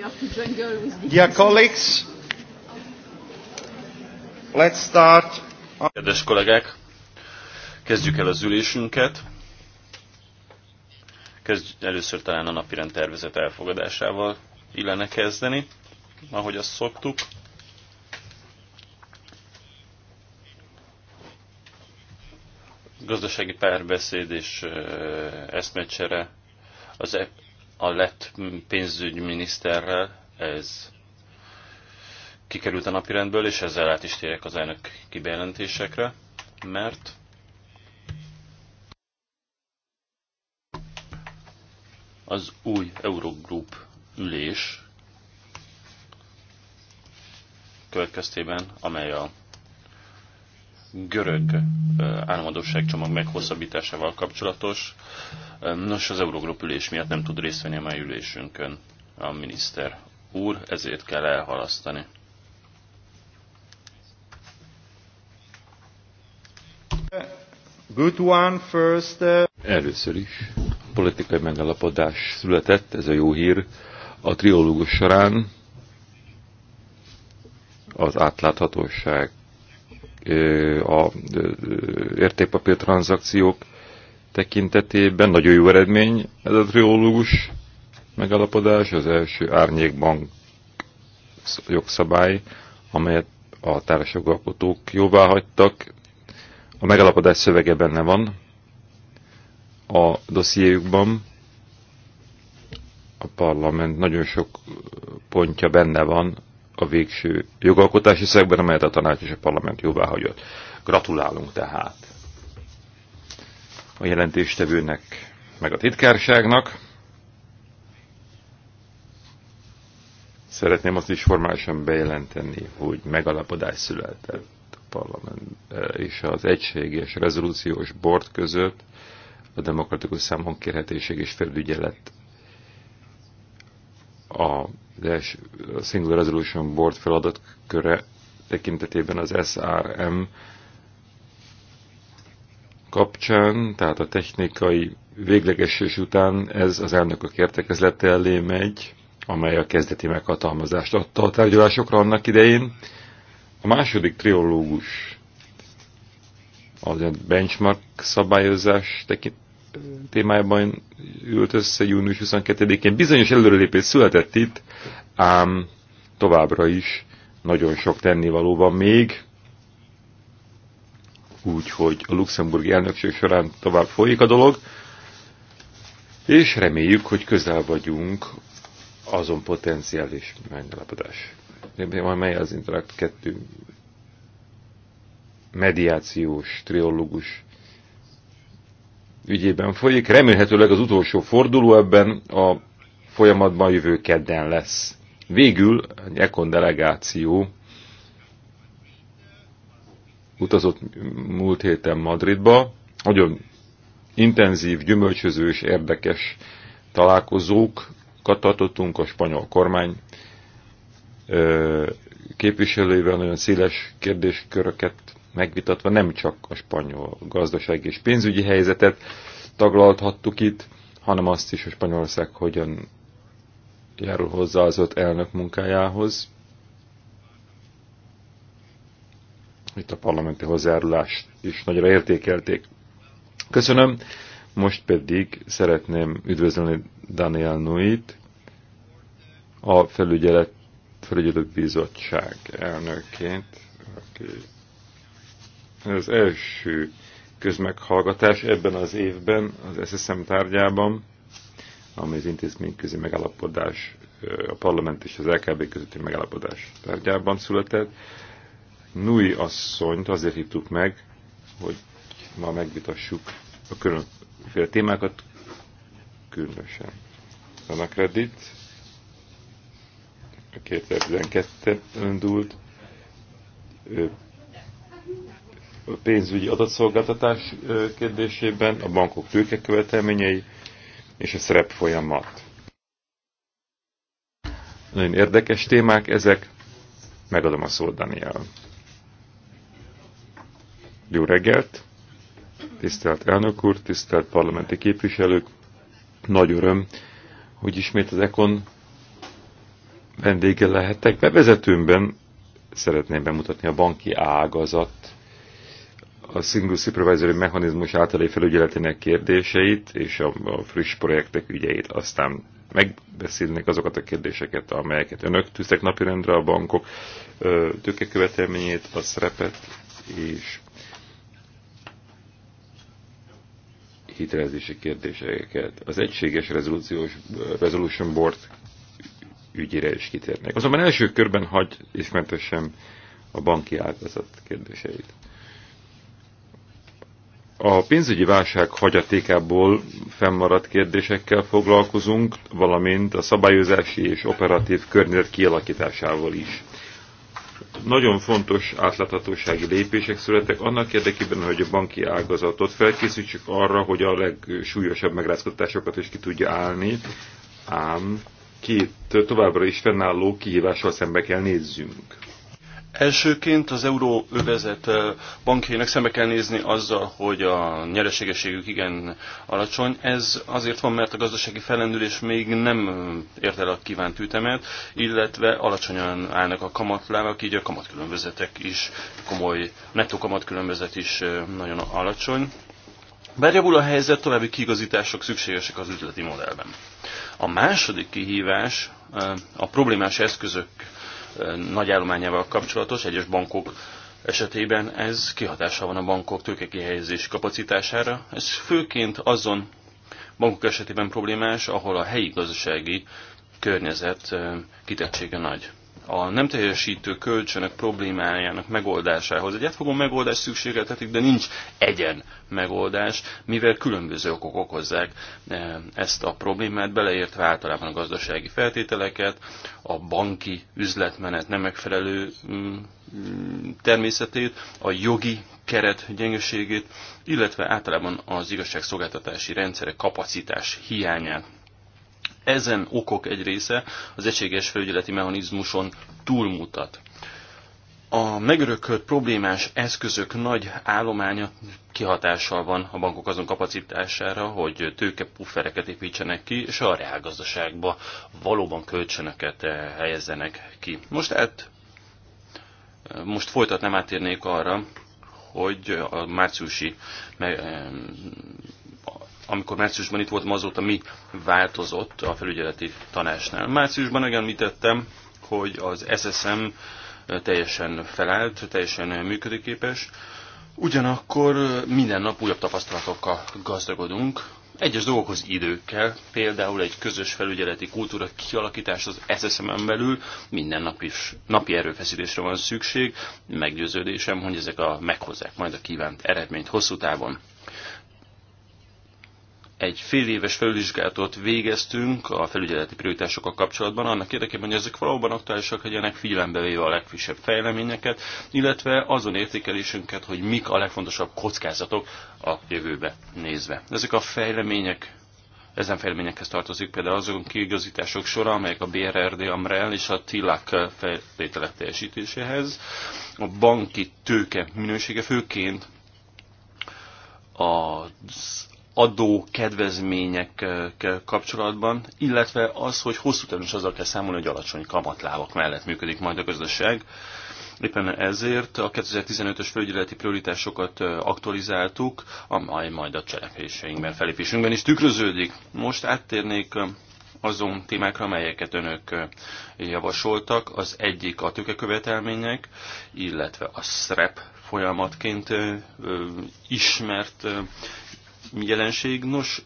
Dear colleagues, let's start. Kedves kollégák, kezdjük el az ülésünket. Kezdjük először talán a rend tervezet elfogadásával illene kezdeni, ahogy azt szoktuk. gazdasági párbeszéd és eszmecsere az e- a lett pénzügyminiszterrel ez kikerült a napirendből, és ezzel át is térek az elnök kibejelentésekre, mert az új Eurogroup ülés következtében, amely a görög államadóságcsomag meghosszabbításával kapcsolatos. Nos, az Eurogrup ülés miatt nem tud részt venni a mai ülésünkön a miniszter úr, ezért kell elhalasztani. Good one first. Uh, Először is politikai megállapodás született, ez a jó hír. A triológus során az átláthatóság a értékpapír tranzakciók tekintetében. Nagyon jó eredmény ez a triológus megalapodás, az első árnyékbank jogszabály, amelyet a társadalkotók jóvá hagytak. A megalapodás szövege benne van a dossziéjukban. A parlament nagyon sok pontja benne van a végső jogalkotási szegben, amelyet a tanács és a parlament jóvá hagyott. Gratulálunk tehát a jelentéstevőnek, meg a titkárságnak. Szeretném azt is formálisan bejelenteni, hogy megalapodás született a parlament eh, és az egységes rezolúciós bord között a demokratikus számon kérhetőség és felügyelet a Single Resolution Board feladatköre tekintetében az SRM kapcsán, tehát a technikai véglegesés után ez az elnökök értekezlete elé megy, amely a kezdeti meghatalmazást adta a tárgyalásokra annak idején. A második triológus az a benchmark szabályozás tekint, témájában ült össze június 22-én. Bizonyos előrelépés született itt, ám továbbra is nagyon sok tennivaló van még, úgyhogy a luxemburgi elnökség során tovább folyik a dolog, és reméljük, hogy közel vagyunk azon potenciális megállapodás. Mely az Interact 2 mediációs, triológus ügyében folyik. Remélhetőleg az utolsó forduló ebben a folyamatban jövő kedden lesz. Végül egy Ekon delegáció utazott múlt héten Madridba. Nagyon intenzív, gyümölcsöző és érdekes találkozókat tartottunk a spanyol kormány képviselőivel, nagyon széles kérdésköröket megvitatva nem csak a spanyol gazdasági és pénzügyi helyzetet taglalhattuk itt, hanem azt is, hogy Spanyolország hogyan járul hozzá az öt elnök munkájához. Itt a parlamenti hozzájárulást is nagyra értékelték. Köszönöm. Most pedig szeretném üdvözölni Daniel Nuit, a felügyelet, felügyelőbizottság elnökként, aki az első közmeghallgatás ebben az évben az SSM tárgyában, ami az intézményközi megállapodás, a parlament és az LKB közötti megállapodás tárgyában született. Nui asszonyt azért hittük meg, hogy ma megvitassuk a különféle témákat, különösen a kredit, a 2012-ben indult pénzügyi adatszolgáltatás kérdésében, a bankok tőkekövetelményei és a folyamat. Nagyon érdekes témák ezek, megadom a szót Daniel. Jó reggelt! Tisztelt elnök úr, tisztelt parlamenti képviselők! Nagy öröm, hogy ismét az EKON vendége lehettek. Bevezetőmben szeretném bemutatni a banki ágazat a Single Supervisory Mechanizmus általai felügyeletének kérdéseit és a, a friss projektek ügyeit. Aztán megbeszélnek azokat a kérdéseket, amelyeket önök tűztek napirendre, a bankok tőkekövetelményét, a szerepet és hitelezési kérdéseket. Az egységes rezolúciós resolution board ügyére is kitérnek. Azonban első körben hagy ismertessem a banki ágazat kérdéseit. A pénzügyi válság hagyatékából fennmaradt kérdésekkel foglalkozunk, valamint a szabályozási és operatív környezet kialakításával is. Nagyon fontos átláthatósági lépések születtek annak érdekében, hogy a banki ágazatot felkészítsük arra, hogy a legsúlyosabb megrázkodásokat is ki tudja állni, ám két továbbra is fennálló kihívással szembe kell nézzünk Elsőként az euróövezet bankjainak szembe kell nézni azzal, hogy a nyereségességük igen alacsony. Ez azért van, mert a gazdasági fellendülés még nem ért el a kívánt ütemet, illetve alacsonyan állnak a kamatlávak, így a kamatkülönbözetek is komoly, nettó kamatkülönbözet is nagyon alacsony. Bár javul a helyzet, további kigazítások szükségesek az üzleti modellben. A második kihívás a problémás eszközök nagy állományával kapcsolatos, egyes bankok esetében ez kihatással van a bankok tőkekihelyezési kapacitására. Ez főként azon bankok esetében problémás, ahol a helyi gazdasági környezet kitettsége nagy a nem teljesítő kölcsönök problémájának megoldásához egy átfogó megoldás szükségeltetik, de nincs egyen megoldás, mivel különböző okok okozzák e, ezt a problémát, beleértve általában a gazdasági feltételeket, a banki üzletmenet nem megfelelő mm, mm, természetét, a jogi keret gyengeségét, illetve általában az igazságszolgáltatási rendszerek kapacitás hiányát ezen okok egy része az egységes felügyeleti mechanizmuson túlmutat. A megörökölt problémás eszközök nagy állománya kihatással van a bankok azon kapacitására, hogy tőkepuffereket építsenek ki, és a reálgazdaságba valóban kölcsönöket eh, helyezzenek ki. Most hát, eh, most folytatnám átérnék arra, hogy a márciusi eh, amikor márciusban itt voltam, azóta mi változott a felügyeleti tanásnál. Márciusban megemlítettem, hogy az SSM teljesen felállt, teljesen működőképes, ugyanakkor minden nap újabb tapasztalatokkal gazdagodunk, egyes dolgokhoz idő kell, például egy közös felügyeleti kultúra kialakítás az SSM-en belül minden nap is napi erőfeszítésre van szükség, meggyőződésem, hogy ezek a meghozzák majd a kívánt eredményt hosszú távon egy fél éves felülvizsgálatot végeztünk a felügyeleti prioritásokkal kapcsolatban, annak érdekében, hogy ezek valóban aktuálisak legyenek, figyelembe véve a legfrissebb fejleményeket, illetve azon értékelésünket, hogy mik a legfontosabb kockázatok a jövőbe nézve. Ezek a fejlemények ezen fejleményekhez tartozik például azon kiigazítások sora, amelyek a BRRD, AMREL és a TILAC feltételek teljesítéséhez. A banki tőke minősége főként az adó kedvezmények kapcsolatban, illetve az, hogy hosszú távon is azzal kell számolni, hogy alacsony kamatlábak mellett működik majd a gazdaság. Éppen ezért a 2015-ös felügyeleti prioritásokat aktualizáltuk, amely majd a cselekvéseinkben, felépésünkben is tükröződik. Most áttérnék azon témákra, amelyeket önök javasoltak. Az egyik a tőkekövetelmények, illetve a SREP folyamatként ismert jelenség. Nos,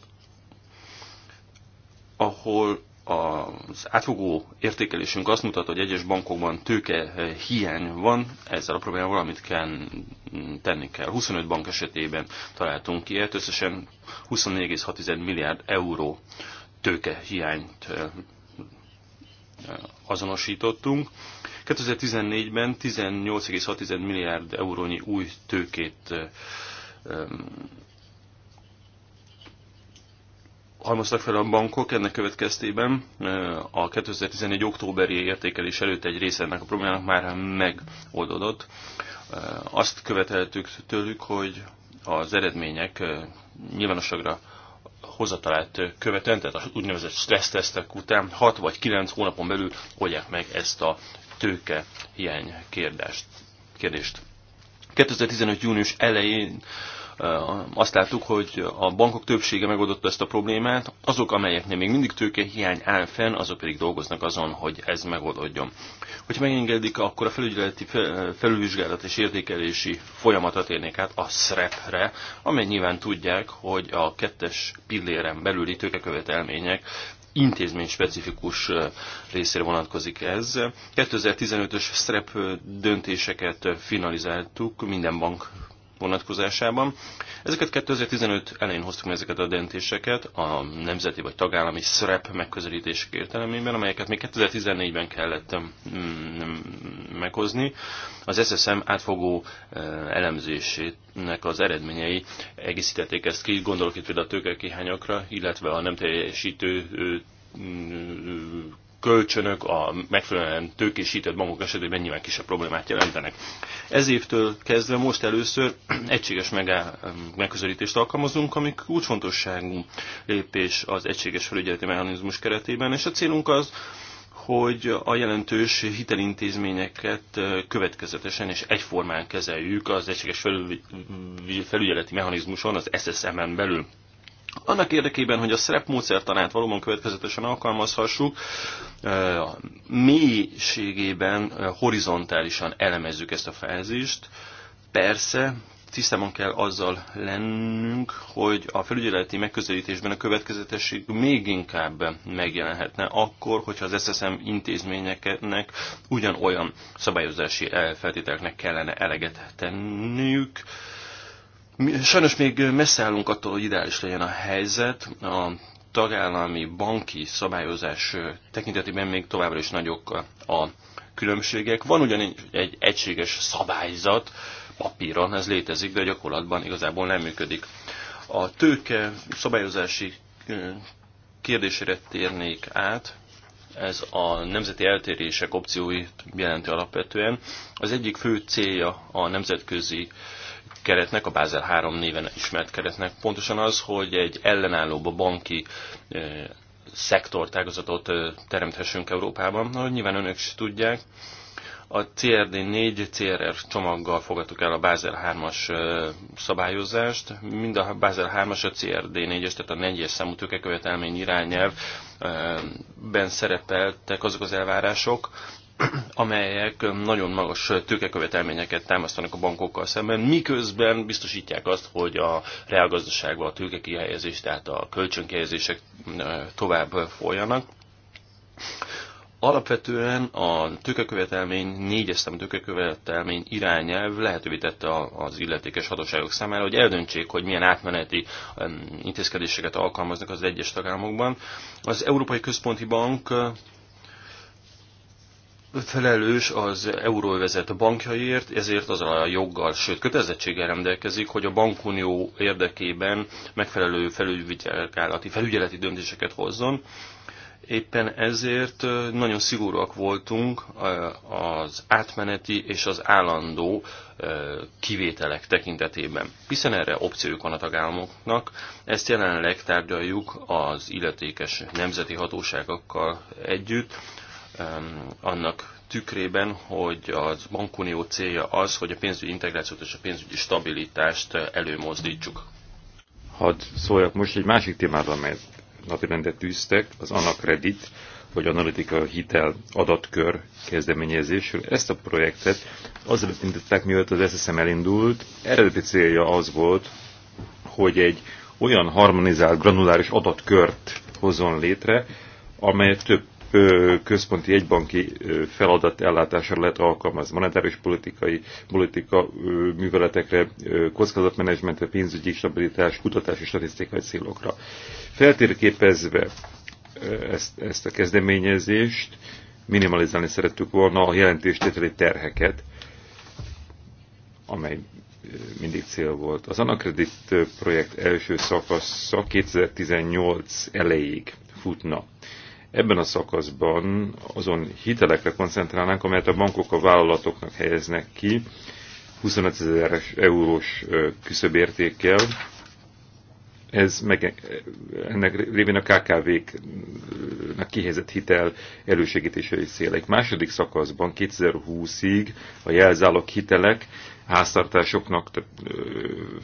ahol az átfogó értékelésünk azt mutat, hogy egyes bankokban tőke eh, hiány van, ezzel a problémával valamit kell mm, tenni kell. 25 bank esetében találtunk ki, összesen 24,6 milliárd euró tőke hiányt eh, eh, azonosítottunk. 2014-ben 18,6 milliárd eurónyi új tőkét halmoztak fel a bankok ennek következtében. A 2014. októberi értékelés előtt egy része ennek a problémának már megoldódott. Azt követeltük tőlük, hogy az eredmények nyilvánosságra hozatalát követően, tehát az úgynevezett stressztesztek után 6 vagy 9 hónapon belül oldják meg ezt a tőke hiány kérdést. 2015. június elején azt láttuk, hogy a bankok többsége megoldotta ezt a problémát, azok, amelyeknél még mindig tőkehiány áll fenn, azok pedig dolgoznak azon, hogy ez megoldódjon. Hogyha megengedik, akkor a felügyeleti felülvizsgálat és értékelési folyamatra térnék át a SREP-re, amely nyilván tudják, hogy a kettes pilléren belüli tőkekövetelmények intézmény specifikus részére vonatkozik ez. 2015-ös SREP döntéseket finalizáltuk minden bank vonatkozásában. Ezeket 2015 elején hoztuk meg ezeket a döntéseket a nemzeti vagy tagállami szerep megközelítések értelemében, amelyeket még 2014-ben kellett mm, meghozni. Az SSM átfogó e, elemzésének az eredményei egészítették ezt ki, gondolok itt például a tőkekihányokra, illetve a nem teljesítő mm, kölcsönök a megfelelően tőkésített bankok esetében nyilván kisebb problémát jelentenek. Ez évtől kezdve most először egységes megközelítést alkalmazunk, ami kulcsfontosságú lépés az egységes felügyeleti mechanizmus keretében, és a célunk az, hogy a jelentős hitelintézményeket következetesen és egyformán kezeljük az egységes felügyeleti mechanizmuson, az SSM-en belül. Annak érdekében, hogy a szerepmódszertanát valóban következetesen alkalmazhassuk, mélységében horizontálisan elemezzük ezt a fázist. Persze, tisztában kell azzal lennünk, hogy a felügyeleti megközelítésben a következetesség még inkább megjelenhetne akkor, hogyha az SSM intézményeknek ugyanolyan szabályozási feltételeknek kellene eleget tenniük. Sajnos még messze állunk attól, hogy ideális legyen a helyzet. A tagállami banki szabályozás tekintetében még továbbra is nagyok a különbségek. Van ugyanígy egy egységes szabályzat, papíron ez létezik, de gyakorlatban igazából nem működik. A tőke szabályozási kérdésére térnék át, ez a nemzeti eltérések opcióit jelenti alapvetően. Az egyik fő célja a nemzetközi uh, keretnek, a Bázel 3 néven ismert keretnek pontosan az, hogy egy ellenállóbb a banki szektortágazatot teremthessünk Európában. Ahogy nyilván önök is tudják, a CRD 4 CRR csomaggal fogadtuk el a Bázel 3-as szabályozást. Mind a Bázel 3-as, a CRD 4-es, tehát a 4-es számú tőkekövetelmény irányelvben szerepeltek azok az elvárások, amelyek nagyon magas tőkekövetelményeket támasztanak a bankokkal szemben, miközben biztosítják azt, hogy a reálgazdaságban a tőkekihelyezés, tehát a kölcsönkihelyezések tovább folyanak. Alapvetően a tőkekövetelmény, négyes tőkekövetelmény irányelv lehetővé tette az illetékes hatóságok számára, hogy eldöntsék, hogy milyen átmeneti intézkedéseket alkalmaznak az egyes tagállamokban. Az Európai Központi Bank felelős az euróvezet bankjaiért, ezért az a joggal, sőt kötelezettséggel rendelkezik, hogy a bankunió érdekében megfelelő felügyeleti, felügyeleti döntéseket hozzon. Éppen ezért nagyon szigorúak voltunk az átmeneti és az állandó kivételek tekintetében, hiszen erre opciók van a tagállamoknak. Ezt jelenleg tárgyaljuk az illetékes nemzeti hatóságokkal együtt, annak tükrében, hogy az bankunió célja az, hogy a pénzügyi integrációt és a pénzügyi stabilitást előmozdítsuk. Hadd szóljak most egy másik témára, amelyet napirendet tűztek, az Anakredit, vagy analitika hitel adatkör kezdeményezésről. Ezt a projektet azért indították, mielőtt az SSM elindult. Eredeti célja az volt, hogy egy olyan harmonizált, granuláris adatkört hozzon létre, amely több központi egybanki feladat ellátására lehet alkalmaz monetáris politikai politika műveletekre, kockázatmenedzsmentre, pénzügyi stabilitás, kutatási statisztikai célokra. Feltérképezve ezt, ezt a kezdeményezést, minimalizálni szerettük volna a jelentéstételi terheket, amely mindig cél volt. Az Anakredit projekt első szakasza 2018 elejéig futna. Ebben a szakaszban azon hitelekre koncentrálnánk, amelyet a bankok a vállalatoknak helyeznek ki, 25 ezer eurós küszöbértékkel. Ez meg, e, ennek révén a KKV-knak kihelyezett hitel elősegítése is cél. Egy második szakaszban 2020-ig a jelzálog hitelek háztartásoknak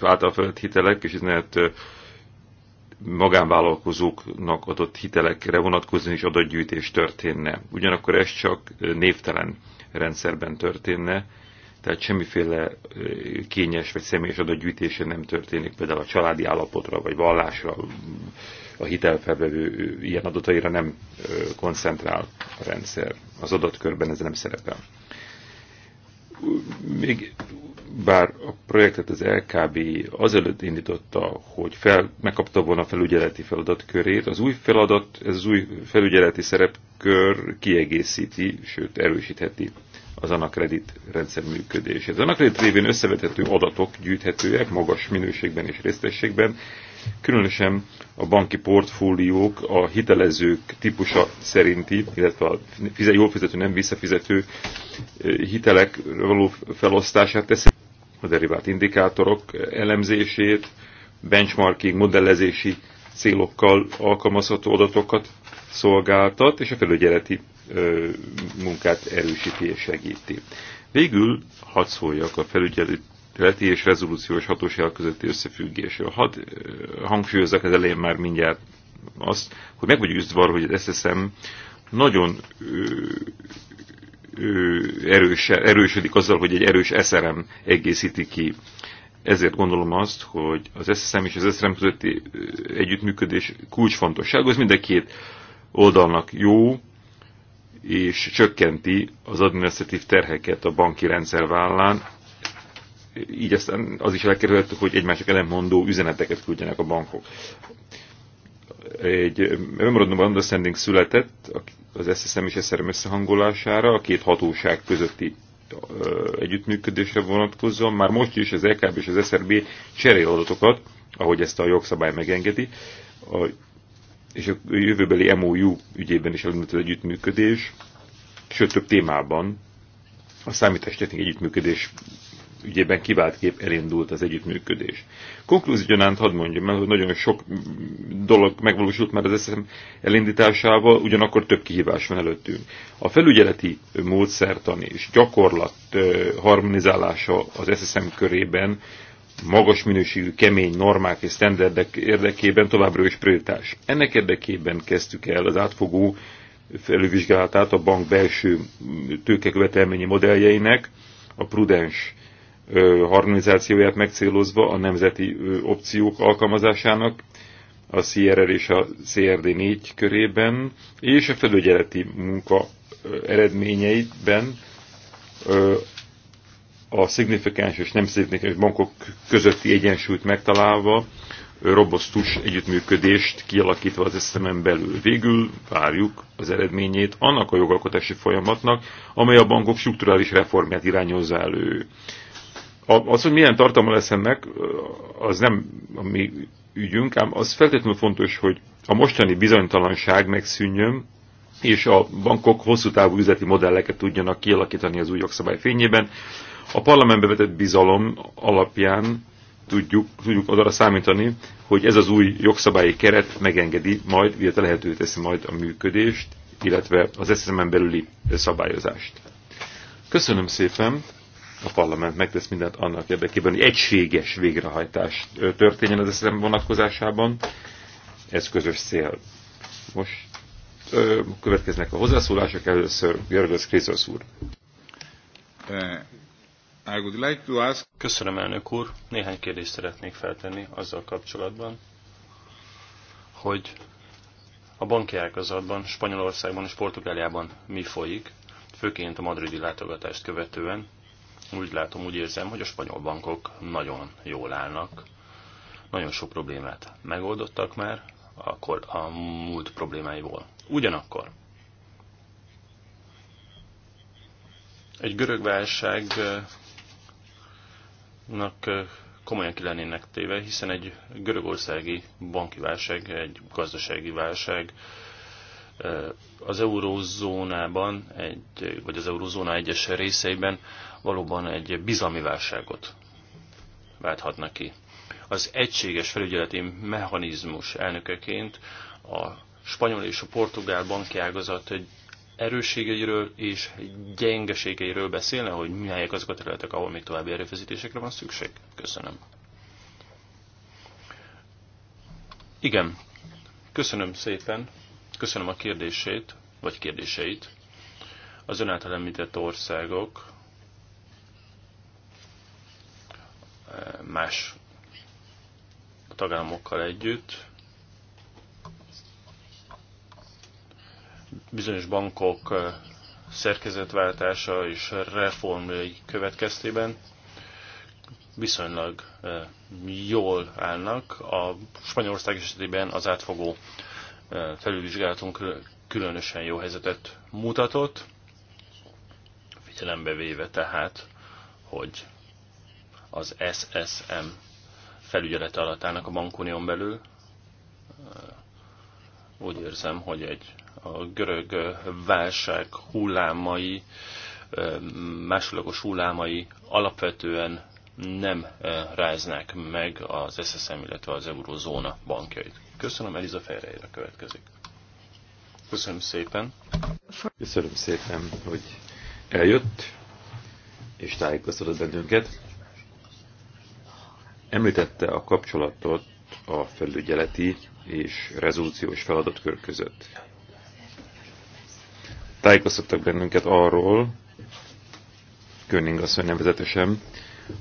által felett hitelek, és ez lehet magánvállalkozóknak adott hitelekre vonatkozóan is adatgyűjtés történne. Ugyanakkor ez csak névtelen rendszerben történne, tehát semmiféle kényes vagy személyes adatgyűjtése nem történik, például a családi állapotra vagy vallásra, a hitelfelvevő ilyen adataira nem koncentrál a rendszer. Az adatkörben ez nem szerepel. Még bár a projektet az LKB azelőtt indította, hogy fel, megkapta volna a felügyeleti feladatkörét, az új feladat, ez az új felügyeleti szerepkör kiegészíti, sőt erősítheti az anakredit rendszer működését. Az anakredit révén összevethető adatok gyűjthetőek magas minőségben és résztességben, különösen a banki portfóliók a hitelezők típusa szerinti, illetve a jól fizető, nem visszafizető hitelek való felosztását teszi, a derivált indikátorok elemzését, benchmarking, modellezési célokkal alkalmazható adatokat szolgáltat, és a felügyeleti munkát erősíti és segíti. Végül hadd szóljak a felügyeleti követi és rezolúciós hatóság közötti összefüggésről. Hadd hangsúlyozzak az elején már mindjárt azt, hogy meg vagy üzdve arra, hogy az SSM nagyon ö, ö, erős, erősödik azzal, hogy egy erős SRM egészíti ki. Ezért gondolom azt, hogy az SSM és az SRM közötti együttműködés kulcsfontosság, az mind a két oldalnak jó, és csökkenti az adminisztratív terheket a banki rendszer vállán, így aztán az is elkerülhető, hogy egymások ellenmondó üzeneteket küldjenek a bankok. Egy memorandum understanding született az SSM és SRM összehangolására, a két hatóság közötti együttműködésre vonatkozóan. Már most is az EKB és az SRB cserél adatokat, ahogy ezt a jogszabály megengedi, a, és a jövőbeli MOU ügyében is elindult az együttműködés, sőt több témában a számítástechnikai együttműködés ügyében kiváltképp elindult az együttműködés. Konklúziónánt hadd mondjam el, hogy nagyon sok dolog megvalósult már az eszem elindításával, ugyanakkor több kihívás van előttünk. A felügyeleti módszertan és gyakorlat harmonizálása az SSM körében magas minőségű, kemény normák és sztenderdek érdekében továbbra is prioritás. Ennek érdekében kezdtük el az átfogó felülvizsgálatát a bank belső tőkekövetelményi modelljeinek, a prudens harmonizációját megcélozva a nemzeti opciók alkalmazásának a CRR és a CRD 4 körében, és a felügyeleti munka eredményeiben a szignifikáns és nem szignifikáns bankok közötti egyensúlyt megtalálva, robosztus együttműködést kialakítva az eszemen belül. Végül várjuk az eredményét annak a jogalkotási folyamatnak, amely a bankok strukturális reformját irányozza elő. Az, hogy milyen tartalma lesz ennek, az nem a mi ügyünk, ám az feltétlenül fontos, hogy a mostani bizonytalanság megszűnjön, és a bankok hosszú távú üzleti modelleket tudjanak kialakítani az új jogszabály fényében. A parlamentbe vetett bizalom alapján tudjuk, tudjuk arra számítani, hogy ez az új jogszabályi keret megengedi majd, illetve lehetővé teszi majd a működést, illetve az szm belüli szabályozást. Köszönöm szépen! a parlament megtesz mindent annak érdekében, hogy egységes végrehajtás történjen az eszem vonatkozásában. Ez közös cél. Most ö, következnek a hozzászólások. Először Gergőz Krisztus úr. Uh, Köszönöm, elnök úr. Néhány kérdést szeretnék feltenni azzal kapcsolatban, hogy a banki ágazatban, Spanyolországban és Portugáliában mi folyik, főként a madridi látogatást követően, úgy látom, úgy érzem, hogy a spanyol bankok nagyon jól állnak. Nagyon sok problémát megoldottak már, akkor a múlt problémáiból. Ugyanakkor egy görög válságnak eh, komolyan ki lennének téve, hiszen egy görögországi banki válság, egy gazdasági válság eh, az eurózónában, egy, vagy az eurózóna egyes részeiben valóban egy bizalmi válságot válthatna ki. Az egységes felügyeleti mechanizmus elnökeként a spanyol és a portugál banki ágazat egy erősségeiről és gyengeségeiről beszélne, hogy melyek azok a területek, ahol még további erőfeszítésekre van szükség? Köszönöm. Igen, köszönöm szépen, köszönöm a kérdését, vagy kérdéseit. Az ön által említett országok más tagállamokkal együtt. Bizonyos bankok szerkezetváltása és reformjai következtében viszonylag jól állnak. A Spanyolország esetében az átfogó felülvizsgálatunk különösen jó helyzetet mutatott, figyelembe véve tehát, hogy az SSM felügyelet alatt állnak a bankunión belül. Úgy érzem, hogy egy a görög válság hullámai, másodlagos hullámai alapvetően nem ráznak meg az SSM, illetve az eurozóna bankjait. Köszönöm, Eliza Ferreira következik. Köszönöm szépen. Köszönöm szépen, hogy eljött és tájékoztatott bennünket. Említette a kapcsolatot a felügyeleti és rezolúciós feladatkör között. Tájékoztattak bennünket arról, Könning asszony nevezetesen,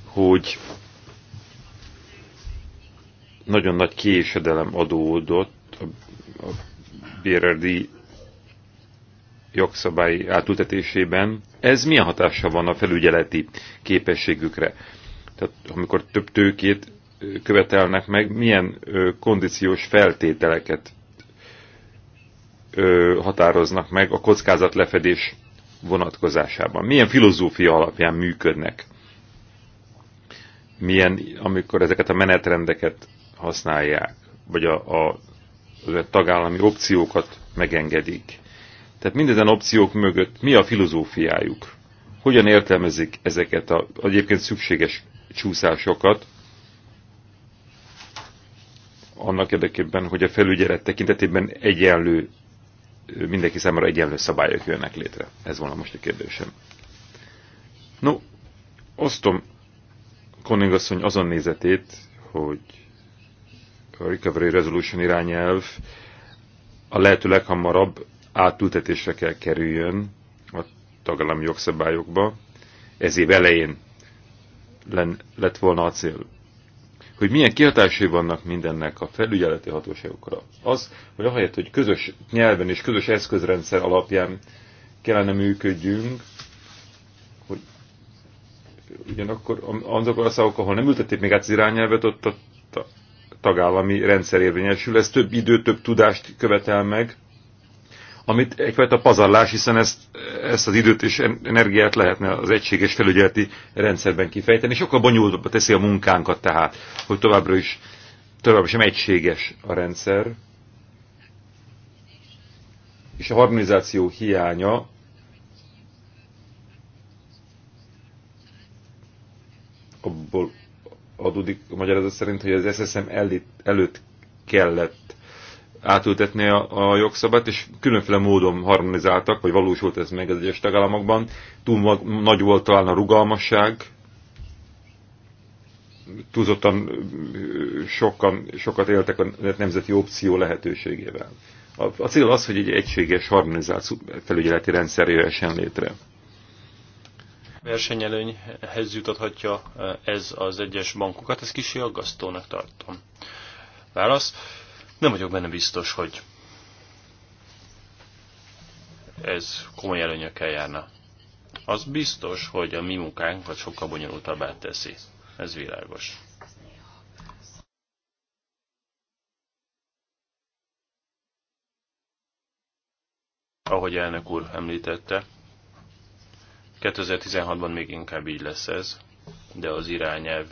hogy nagyon nagy késedelem adódott a, a BRD jogszabály átültetésében. Ez milyen hatása van a felügyeleti képességükre? tehát amikor több tőkét követelnek meg, milyen kondíciós feltételeket határoznak meg a kockázat lefedés vonatkozásában. Milyen filozófia alapján működnek? Milyen, amikor ezeket a menetrendeket használják, vagy a, a, a tagállami opciókat megengedik. Tehát mindezen opciók mögött mi a filozófiájuk? Hogyan értelmezik ezeket a egyébként szükséges csúszásokat, annak érdekében, hogy a felügyelet tekintetében egyenlő, mindenki számára egyenlő szabályok jönnek létre. Ez volna most a kérdésem. No, osztom Koningasszony azon nézetét, hogy a Recovery Resolution irányelv a lehető leghamarabb átültetésre kell kerüljön a tagállami jogszabályokba, ez év elején lett volna a cél. Hogy milyen kihatásai vannak mindennek a felügyeleti hatóságokra. Az, hogy ahelyett, hogy közös nyelven és közös eszközrendszer alapján kellene működjünk, hogy ugyanakkor azok a szavak, ahol nem ültették még át az irányelvet, ott a tagállami rendszer érvényesül. Ez több idő, több tudást követel meg, amit egyfajta pazarlás, hiszen ezt, ezt az időt és energiát lehetne az egységes felügyeleti rendszerben kifejteni. Sokkal bonyolultabb teszi a munkánkat tehát, hogy továbbra is továbbra sem egységes a rendszer. És a harmonizáció hiánya abból adódik a magyarázat szerint, hogy az SSM előtt kellett átültetni a, a jogszabályt, és különféle módon harmonizáltak, vagy valósult ez meg az egyes tagállamokban. Túl nagy volt talán a rugalmasság, túlzottan sokan, sokat éltek a nemzeti opció lehetőségével. A, a cél az, hogy egy egységes harmonizált felügyeleti rendszer jöjjön létre. Versenyelőnyhez jutathatja ez az egyes bankokat, ez kicsi aggasztónak tartom. Válasz nem vagyok benne biztos, hogy ez komoly előnyökkel járna. Az biztos, hogy a mi munkánkat sokkal bonyolultabbá teszi. Ez világos. Ahogy elnök úr említette, 2016-ban még inkább így lesz ez, de az irányelv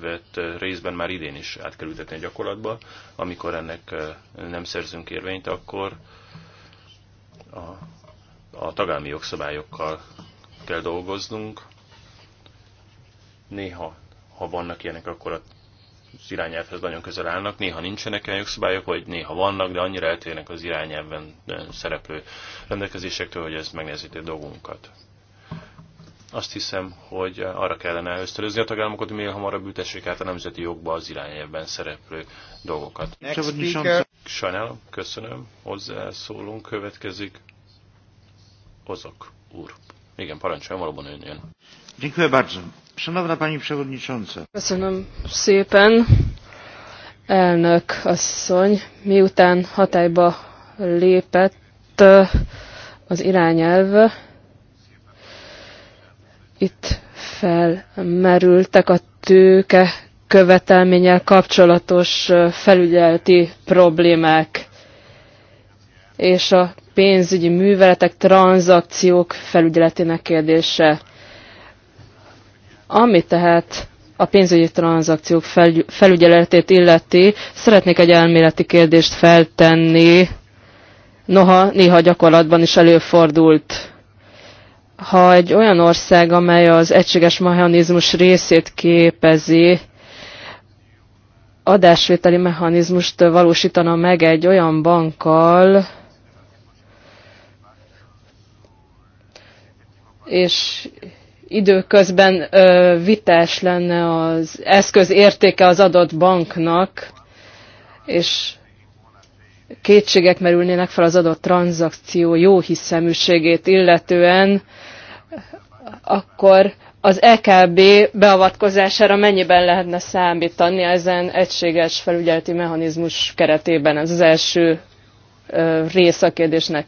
vett eh, részben már idén is átkerültetni a gyakorlatba. Amikor ennek eh, nem szerzünk érvényt, akkor a, a tagállami jogszabályokkal kell dolgoznunk. Néha, ha vannak ilyenek, akkor az irányelvhez nagyon közel állnak, néha nincsenek ilyen jogszabályok, vagy néha vannak, de annyira eltérnek az irányelven eh, szereplő rendelkezésektől, hogy ez megnehezíti a dolgunkat. Azt hiszem, hogy arra kellene ösztönözni a tagállamokat, hogy minél hamarabb ültessék át a nemzeti jogba az irányelvben szereplő dolgokat. Sajnálom, köszönöm, hozzászólunk, következik. Ozok úr. Igen, parancsoljon, valóban ön jön. Szanowna Pani Przewodnicząca. Köszönöm szépen, elnök asszony. Miután hatályba lépett az irányelv, itt felmerültek a tőke követelménnyel kapcsolatos felügyeleti problémák és a pénzügyi műveletek, tranzakciók felügyeletének kérdése. Ami tehát a pénzügyi tranzakciók felügyeletét illeti, szeretnék egy elméleti kérdést feltenni, noha néha gyakorlatban is előfordult ha egy olyan ország, amely az egységes mechanizmus részét képezi, adásvételi mechanizmust valósítana meg egy olyan bankkal, és időközben ö, vitás lenne az eszköz értéke az adott banknak, és kétségek merülnének fel az adott tranzakció jó hiszeműségét illetően, akkor az EKB beavatkozására mennyiben lehetne számítani ezen egységes felügyeleti mechanizmus keretében? Ez az első rész a kérdésnek.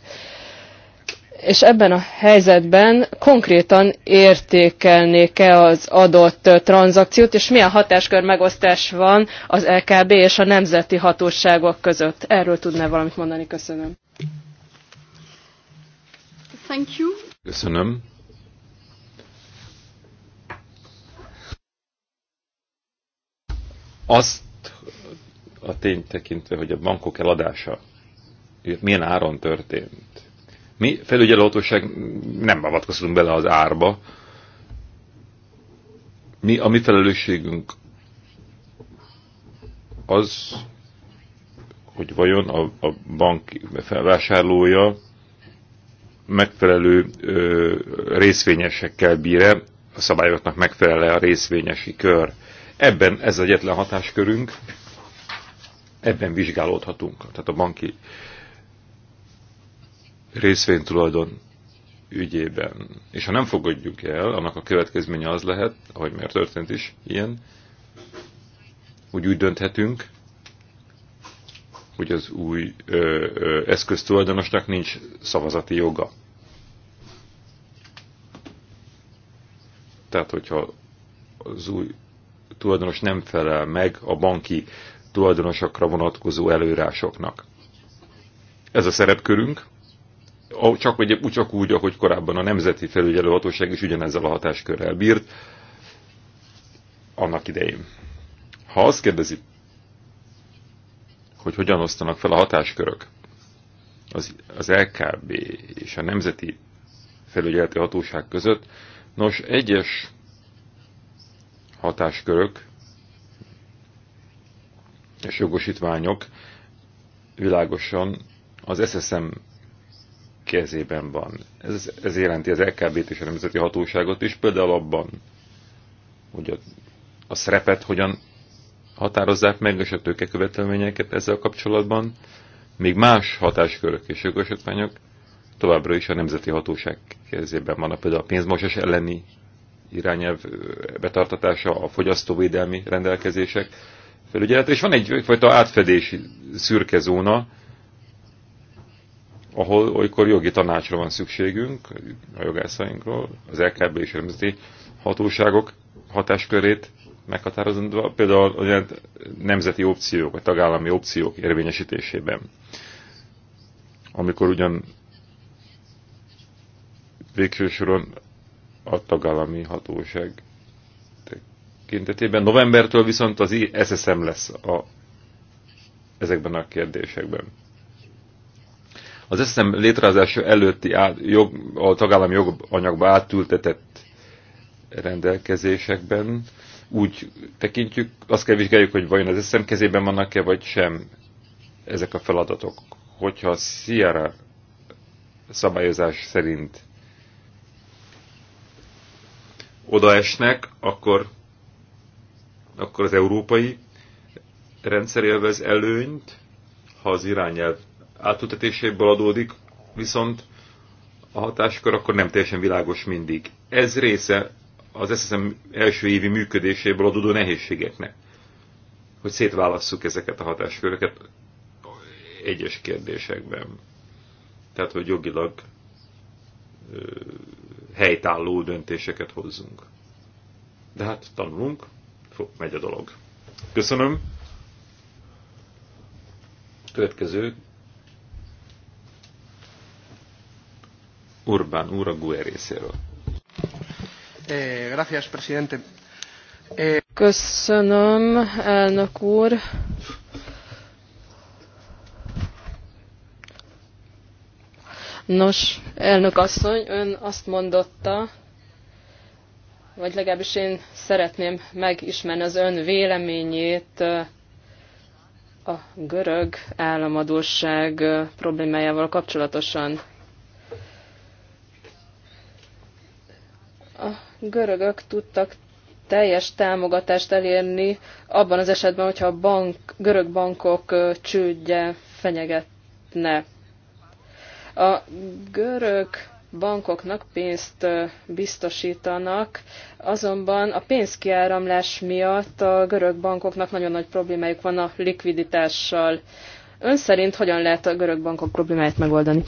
És ebben a helyzetben konkrétan értékelnék-e az adott tranzakciót, és milyen hatáskör megosztás van az LKB e és a nemzeti hatóságok között? Erről tudná valamit mondani? Köszönöm. Thank you. Köszönöm. Azt a tény tekintve, hogy a bankok eladása milyen áron történt. Mi felügyelőhatóság nem avatkozunk bele az árba. Mi a mi felelősségünk az, hogy vajon a, a bank felvásárlója megfelelő ö, részvényesekkel bír-e, a szabályoknak megfelele a részvényesi kör. Ebben ez egyetlen hatáskörünk, ebben vizsgálódhatunk. Tehát a banki részvénytulajdon ügyében. És ha nem fogadjuk el, annak a következménye az lehet, ahogy már történt is ilyen, hogy úgy dönthetünk, hogy az új ö, ö, eszköztulajdonosnak nincs szavazati joga. Tehát, hogyha az új tulajdonos nem felel meg a banki tulajdonosokra vonatkozó előrásoknak. Ez a szerepkörünk, csak, úgy, csak úgy, ahogy korábban a Nemzeti Felügyelőhatóság is ugyanezzel a hatáskörrel bírt, annak idején. Ha azt kérdezi, hogy hogyan osztanak fel a hatáskörök, az, az LKB és a Nemzeti Felügyeleti Hatóság között, nos, egyes hatáskörök és jogosítványok világosan az SSM kezében van. Ez, ez jelenti az LKB-t és a Nemzeti Hatóságot is, például abban, hogy a, a szerepet hogyan határozzák meg, és a tőkekövetelményeket ezzel kapcsolatban, még más hatáskörök és jogosítványok továbbra is a Nemzeti Hatóság kezében vannak, például a pénzmosás elleni irányelv betartatása, a fogyasztóvédelmi rendelkezések felügyelete, és van egyfajta átfedési szürke zóna, ahol olykor jogi tanácsra van szükségünk, a jogászainkról, az LKB és nemzeti hatóságok hatáskörét meghatározva, például a nemzeti opciók, a tagállami opciók érvényesítésében. Amikor ugyan végső soron a tagállami hatóság tekintetében. Novembertől viszont az SSM lesz a, ezekben a kérdésekben. Az SSM létrehozása előtti át, jog, a tagállami joganyagba átültetett rendelkezésekben úgy tekintjük, azt kell vizsgáljuk, hogy vajon az SSM kezében vannak-e, vagy sem ezek a feladatok. Hogyha a Sierra szabályozás szerint odaesnek, akkor, akkor az európai rendszer élvez előnyt, ha az irányelv átültetéséből adódik, viszont a hatáskör akkor nem teljesen világos mindig. Ez része az SSM első évi működéséből adódó nehézségeknek, hogy szétválasszuk ezeket a hatásköröket egyes kérdésekben. Tehát, hogy jogilag helytálló döntéseket hozzunk. De hát tanulunk, fog, megy a dolog. Köszönöm. Következő. Urbán úr a GUE részéről. Eh, eh, Köszönöm, elnök úr. Nos, elnök asszony, ön azt mondotta, vagy legalábbis én szeretném megismerni az ön véleményét a görög államadóság problémájával kapcsolatosan. A görögök tudtak teljes támogatást elérni abban az esetben, hogyha a bank, görög bankok csődje fenyegetne. A görög bankoknak pénzt biztosítanak, azonban a pénzkiáramlás miatt a görög bankoknak nagyon nagy problémájuk van a likviditással. Ön szerint hogyan lehet a görög bankok problémáját megoldani?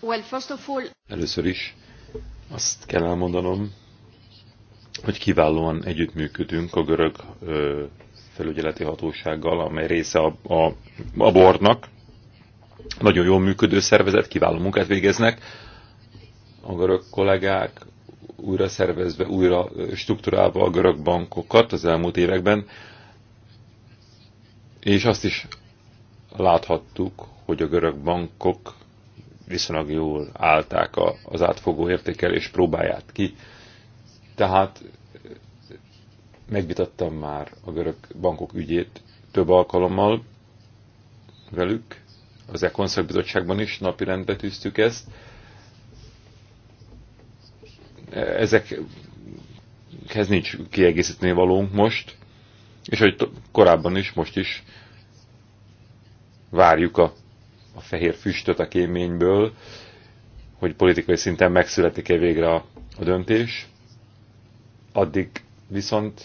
Well, first of all... Először is azt kell elmondanom, hogy kiválóan együttműködünk a görög ö, felügyeleti hatósággal, amely része a, a, a bornak, nagyon jól működő szervezet, kiváló munkát végeznek. A görög kollégák újra szervezve, újra struktúrálva a görög bankokat az elmúlt években, és azt is láthattuk, hogy a görög bankok viszonylag jól állták az átfogó értékelés próbáját ki. Tehát megvitattam már a görög bankok ügyét több alkalommal velük, az Ekonszak Bizottságban is napirendbe tűztük ezt. Ezekhez nincs kiegészíteni valónk most, és hogy korábban is, most is várjuk a, a fehér füstöt a kéményből, hogy politikai szinten megszületik-e végre a, a döntés. Addig viszont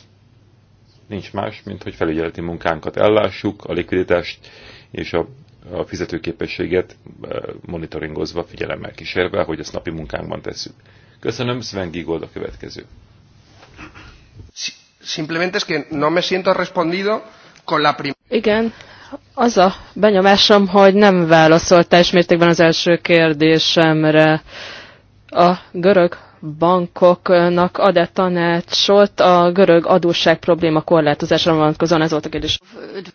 nincs más, mint hogy felügyeleti munkánkat ellássuk, a likviditást és a a fizetőképességet eh, monitoringozva, figyelemmel kísérve, hogy ezt napi munkánkban tesszük. Köszönöm, Sven Gigold a következő. Simplemente es que no me siento respondido con la Igen, az a benyomásom, hogy nem válaszoltál ismértékben az első kérdésemre. A görög bankoknak ad-e tanácsot a görög adósság probléma korlátozásra vonatkozóan? Ez volt a kérdés.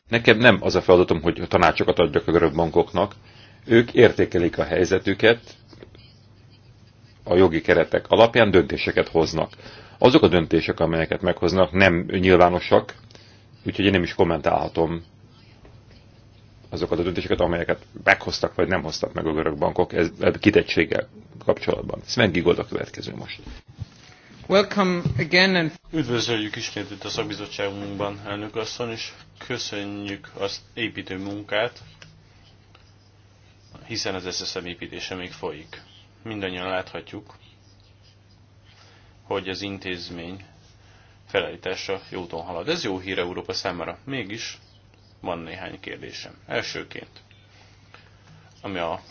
Nekem nem az a feladatom, hogy tanácsokat adjak a görög bankoknak. Ők értékelik a helyzetüket, a jogi keretek alapján döntéseket hoznak. Azok a döntések, amelyeket meghoznak, nem nyilvánosak, úgyhogy én nem is kommentálhatom azokat a döntéseket, amelyeket meghoztak vagy nem hoztak meg a görög bankok ez, ez kitettséggel kapcsolatban. Sven Gigold a következő most. Welcome again and... Üdvözöljük ismét itt a szakbizottságunkban, elnök asszony, és köszönjük az építő munkát, hiszen az SSM építése még folyik. Mindannyian láthatjuk, hogy az intézmény felállítása jóton halad. Ez jó hír Európa számára. Mégis van néhány kérdésem. Elsőként, ami a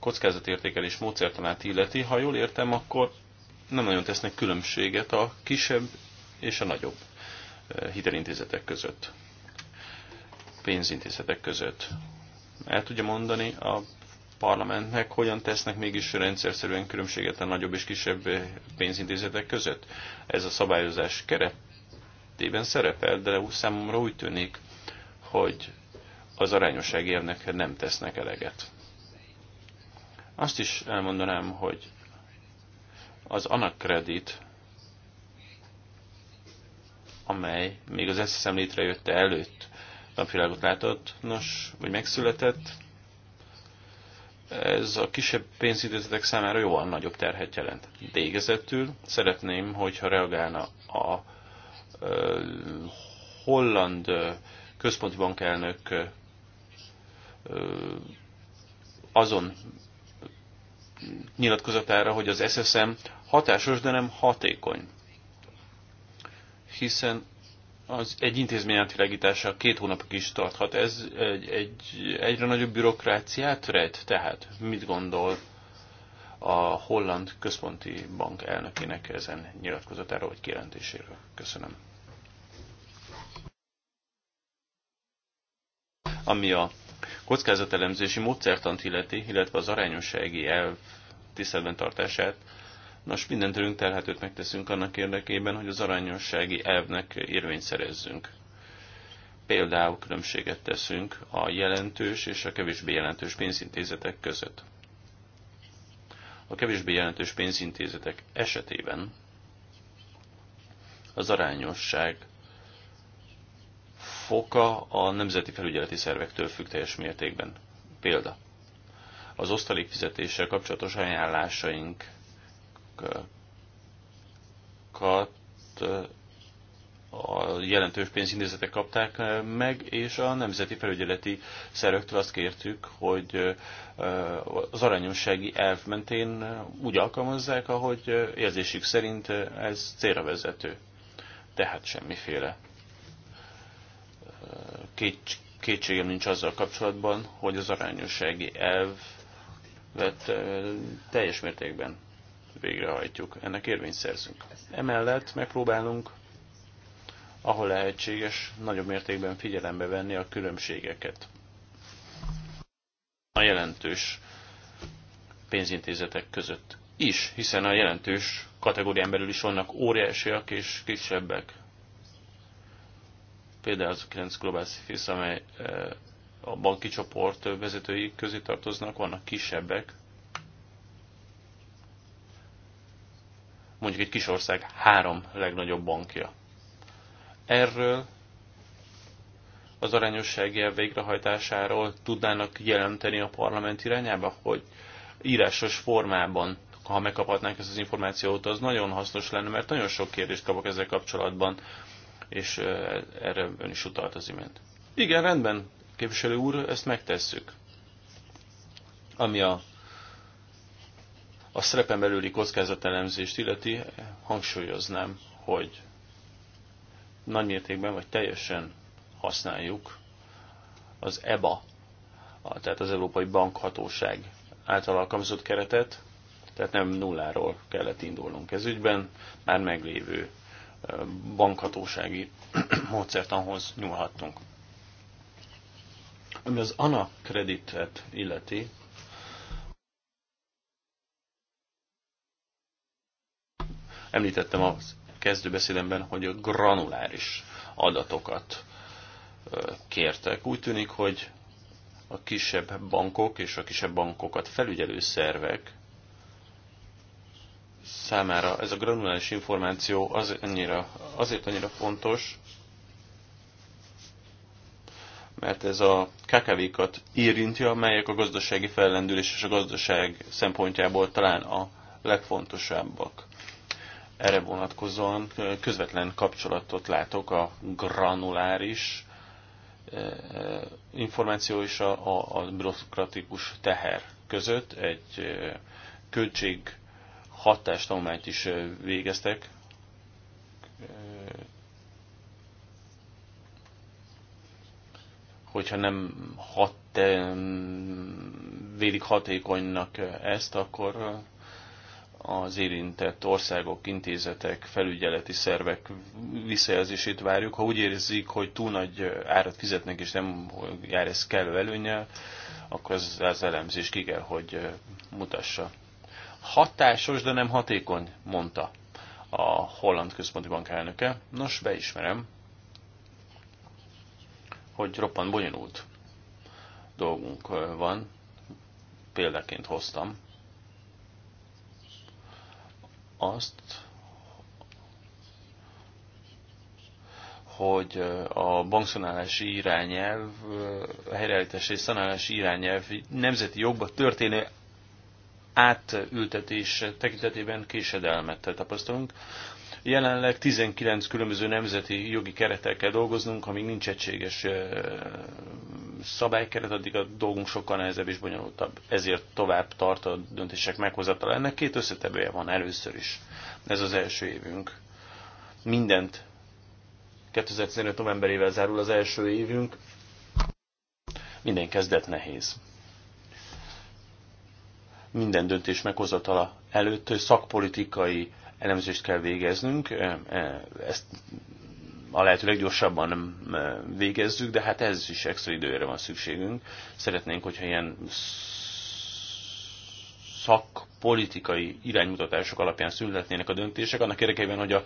kockázatértékelés módszertanát illeti, ha jól értem, akkor nem nagyon tesznek különbséget a kisebb és a nagyobb eh, hitelintézetek között, pénzintézetek között. El tudja mondani a parlamentnek, hogyan tesznek mégis rendszerszerűen különbséget a nagyobb és kisebb eh, pénzintézetek között? Ez a szabályozás keretében szerepel, de számomra úgy tűnik, hogy az arányos egérnek nem tesznek eleget. Azt is elmondanám, hogy az anakredit, amely még az SSM létrejötte előtt napvilágot látott, nos, vagy megszületett, ez a kisebb pénzidőzetek számára jóval nagyobb terhet jelent. Végezetül szeretném, hogyha reagálna a ö, holland ö, központi bankelnök azon nyilatkozatára, hogy az SSM hatásos, de nem hatékony. Hiszen az egy intézmény átvilágítása két hónapig is tarthat. Ez egy, egy egyre nagyobb bürokráciát rejt, tehát mit gondol a holland központi bank elnökének ezen nyilatkozatára vagy kijelentéséről? Köszönöm. Ami a kockázatelemzési módszertant illeti, illetve az arányossági elv tiszteletben tartását, Nos, minden tőlünk telhetőt megteszünk annak érdekében, hogy az arányossági elvnek érvényt szerezzünk. Például különbséget teszünk a jelentős és a kevésbé jelentős pénzintézetek között. A kevésbé jelentős pénzintézetek esetében az arányosság foka a nemzeti felügyeleti szervektől függ teljes mértékben. Példa. Az fizetéssel kapcsolatos ajánlásainkat a jelentős pénzintézetek kapták meg, és a nemzeti felügyeleti szervektől azt kértük, hogy az arányossági elv mentén úgy alkalmazzák, ahogy érzésük szerint ez célra vezető. Tehát semmiféle kétségem nincs azzal kapcsolatban, hogy az arányossági vett teljes mértékben végrehajtjuk, ennek érvényt szerzünk. Emellett megpróbálunk, ahol lehetséges, nagyobb mértékben figyelembe venni a különbségeket. A jelentős pénzintézetek között is, hiszen a jelentős kategórián belül is vannak óriásiak és kisebbek például az a 9 globális Cities, amely e, a banki csoport vezetői közé tartoznak, vannak kisebbek, mondjuk egy kis ország három legnagyobb bankja. Erről az arányosság végrehajtásáról tudnának jelenteni a parlament irányába, hogy írásos formában, ha megkaphatnánk ezt az információt, az nagyon hasznos lenne, mert nagyon sok kérdést kapok ezzel kapcsolatban és erre ön is utalt az imént. Igen, rendben, képviselő úr, ezt megtesszük. Ami a, a szerepen belüli kockázatelemzést illeti, hangsúlyoznám, hogy mértékben vagy teljesen használjuk az EBA, tehát az Európai Bankhatóság által alkalmazott keretet, tehát nem nulláról kellett indulnunk ez ügyben, már meglévő bankhatósági módszertanhoz nyúlhattunk. Ami az ANA kreditet illeti, említettem a kezdőbeszédemben, hogy a granuláris adatokat kértek. Úgy tűnik, hogy a kisebb bankok és a kisebb bankokat felügyelő szervek számára ez a granulális információ az annyira, azért annyira fontos, mert ez a KKV-kat érinti, amelyek a gazdasági fellendülés és a gazdaság szempontjából talán a legfontosabbak. Erre vonatkozóan közvetlen kapcsolatot látok a granuláris eh, információ és a, a, a bürokratikus teher között. Egy eh, költség hatástanulmányt is végeztek. Hogyha nem hat, védik hatékonynak ezt, akkor az érintett országok, intézetek, felügyeleti szervek visszajelzését várjuk. Ha úgy érzik, hogy túl nagy árat fizetnek, és nem jár ez kellő előnye, akkor az, az elemzés ki kell, hogy mutassa Hatásos, de nem hatékony, mondta a holland központi bank elnöke. Nos, beismerem, hogy roppant bonyolult dolgunk van, példaként hoztam azt, hogy a bankszonálási irányelv, a helyreállítási szonálási irányelv nemzeti jogba történő átültetés tekintetében késedelmet tapasztalunk. Jelenleg 19 különböző nemzeti jogi kerettel kell dolgoznunk, amíg nincs egységes szabálykeret, addig a dolgunk sokkal nehezebb és bonyolultabb. Ezért tovább tart a döntések meghozatal. Ennek két összetevője van először is. Ez az első évünk. Mindent 2015 novemberével zárul az első évünk. Minden kezdet nehéz minden döntés meghozatala előtt szakpolitikai elemzést kell végeznünk, ezt a lehető leggyorsabban nem végezzük, de hát ez is extra időre van szükségünk. Szeretnénk, hogyha ilyen szakpolitikai iránymutatások alapján születnének a döntések, annak érdekében, hogy a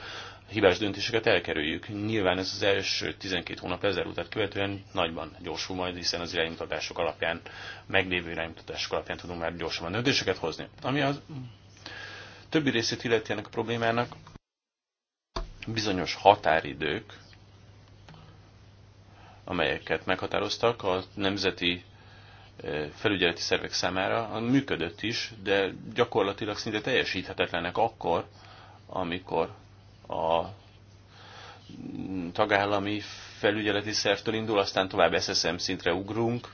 hibás döntéseket elkerüljük. Nyilván ez az első 12 hónap ezer után követően nagyban gyorsul majd, hiszen az iránymutatások alapján, meglévő iránymutatások alapján tudunk már gyorsabban döntéseket hozni. Ami az többi részét illeti ennek a problémának, bizonyos határidők, amelyeket meghatároztak a nemzeti felügyeleti szervek számára működött is, de gyakorlatilag szinte teljesíthetetlenek akkor, amikor a tagállami felügyeleti szervtől indul, aztán tovább SSM szintre ugrunk,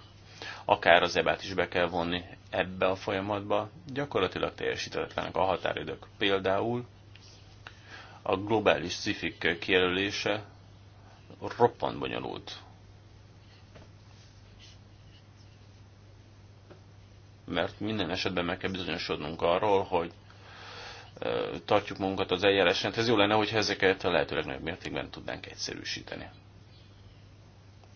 akár az ebát is be kell vonni ebbe a folyamatba, gyakorlatilag teljesíthetetlenek a határidők. Például a globális cifik kijelölése roppant bonyolult mert minden esetben meg kell bizonyosodnunk arról, hogy tartjuk magunkat az eljárásrend. Ez jó lenne, hogyha ezeket a lehető legnagyobb mértékben tudnánk egyszerűsíteni.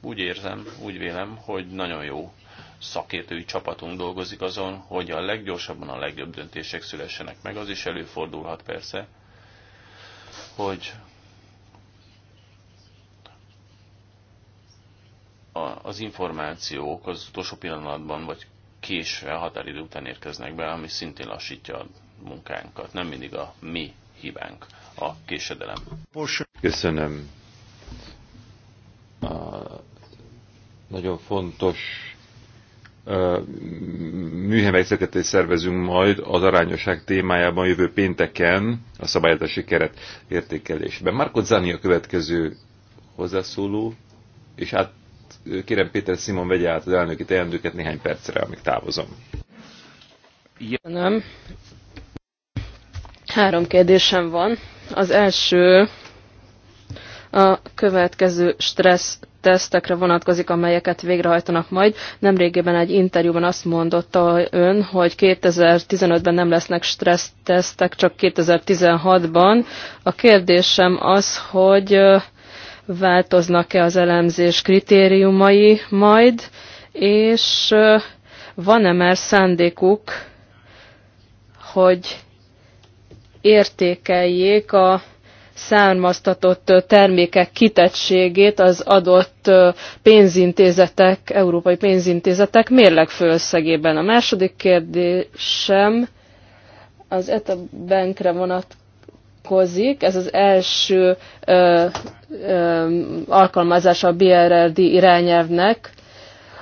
Úgy érzem, úgy vélem, hogy nagyon jó szakértői csapatunk dolgozik azon, hogy a leggyorsabban a legjobb döntések szülessenek meg. Az is előfordulhat persze, hogy az információk az utolsó pillanatban, vagy késve, a határidő után érkeznek be, ami szintén lassítja a munkánkat. Nem mindig a mi hibánk a késedelem. Köszönöm. A nagyon fontos is szervezünk majd az arányosság témájában jövő pénteken a szabályozási keret értékelésben. Marco Zani a következő hozzászóló, és át kérem Péter Simon vegye át az elnöki teendőket néhány percre, amíg távozom. Nem. Három kérdésem van. Az első a következő stressz tesztekre vonatkozik, amelyeket végrehajtanak majd. Nemrégében egy interjúban azt mondotta ön, hogy 2015-ben nem lesznek stressz tesztek, csak 2016-ban. A kérdésem az, hogy változnak-e az elemzés kritériumai majd, és van-e már szándékuk, hogy értékeljék a származtatott termékek kitettségét az adott pénzintézetek, európai pénzintézetek mérlegfőösszegében. A második kérdésem az ETA bankre vonatkozik vonatkozik. Ez az első ö, ö, alkalmazása a BRRD irányelvnek.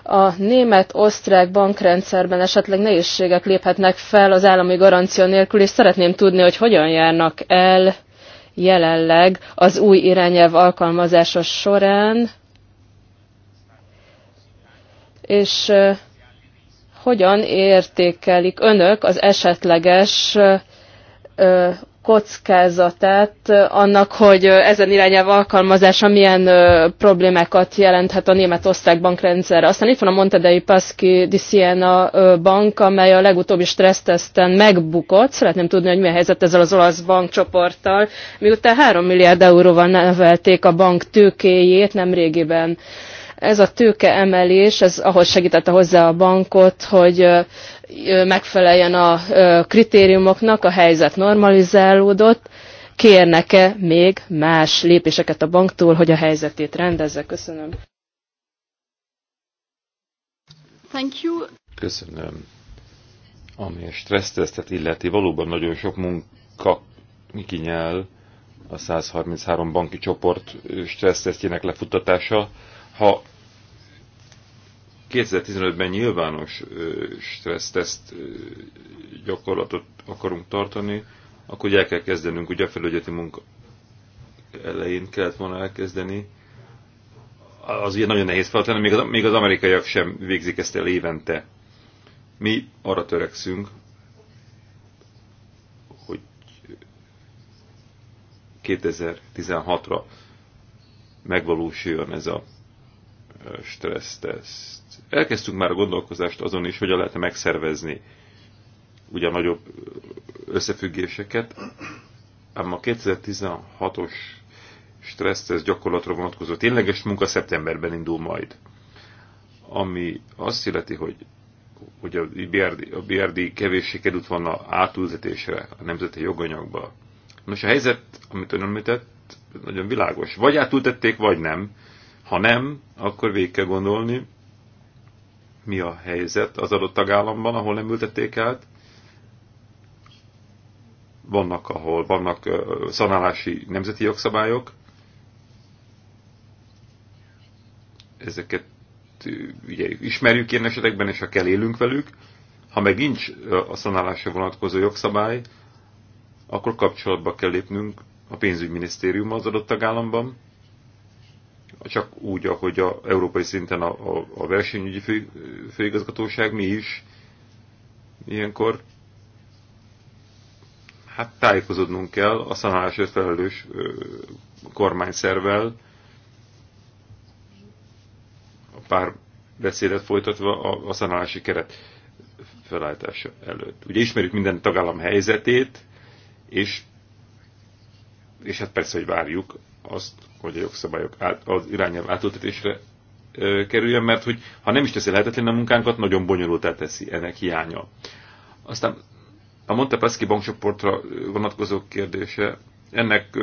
A német-osztrák bankrendszerben esetleg nehézségek léphetnek fel az állami garancia nélkül, és szeretném tudni, hogy hogyan járnak el jelenleg az új irányelv alkalmazása során, és hogyan értékelik önök az esetleges kockázatát eh, annak, hogy eh, ezen irányelv alkalmazása milyen eh, problémákat jelenthet a német osztrák bankrendszerre. Aztán itt van a Montedei Paschi di Siena bank, amely a legutóbbi stressztesten megbukott. Szeretném tudni, hogy mi a helyzet ezzel az olasz bankcsoporttal, miután 3 milliárd euróval nevelték a bank tőkéjét nemrégiben ez a tőke emelés, ez ahhoz segítette hozzá a bankot, hogy megfeleljen a kritériumoknak, a helyzet normalizálódott. Kérnek-e még más lépéseket a banktól, hogy a helyzetét rendezze? Köszönöm. Thank you. Köszönöm. Ami a stressztesztet illeti, valóban nagyon sok munka kinyel a 133 banki csoport stressztesztjének lefuttatása. Ha 2015-ben nyilvános stresszteszt gyakorlatot akarunk tartani, akkor el kell kezdenünk, ugye a felügyeleti munka elején kellett volna elkezdeni. Az ugye nagyon nehéz feladat, még az, még az amerikaiak sem végzik ezt el évente. Mi arra törekszünk, hogy 2016-ra megvalósuljon ez a stressztest elkezdtünk már a gondolkozást azon is, hogyan e megszervezni ugye nagyobb összefüggéseket, ám a 2016-os stressz ez gyakorlatra vonatkozó tényleges munka szeptemberben indul majd. Ami azt illeti, hogy, hogy a BRD, a BRD kevéssé került volna átültetésre a nemzeti joganyagba. Most a helyzet, amit ön említett, nagyon világos. Vagy átültették, vagy nem. Ha nem, akkor végig kell gondolni, mi a helyzet az adott tagállamban, ahol nem ültették át. Vannak, ahol vannak szanálási nemzeti jogszabályok. Ezeket ugye, ismerjük ilyen esetekben, és ha kell élünk velük. Ha meg nincs a szanálásra vonatkozó jogszabály, akkor kapcsolatba kell lépnünk a pénzügyminisztérium az adott tagállamban, csak úgy, ahogy a európai szinten a, a, a versenyügyi fő, főigazgatóság, mi is ilyenkor hát tájékozódnunk kell a szanálásért felelős kormányszervel, pár beszédet folytatva a, a szanálási keret felállítása előtt. Ugye ismerjük minden tagállam helyzetét, és, és hát persze, hogy várjuk azt, hogy a jogszabályok át, az irányelv átültetésre ö, kerüljön, mert hogy ha nem is teszi lehetetlen a munkánkat, nagyon bonyolultá teszi ennek hiánya. Aztán a Montepeszki bankcsoportra vonatkozó kérdése, ennek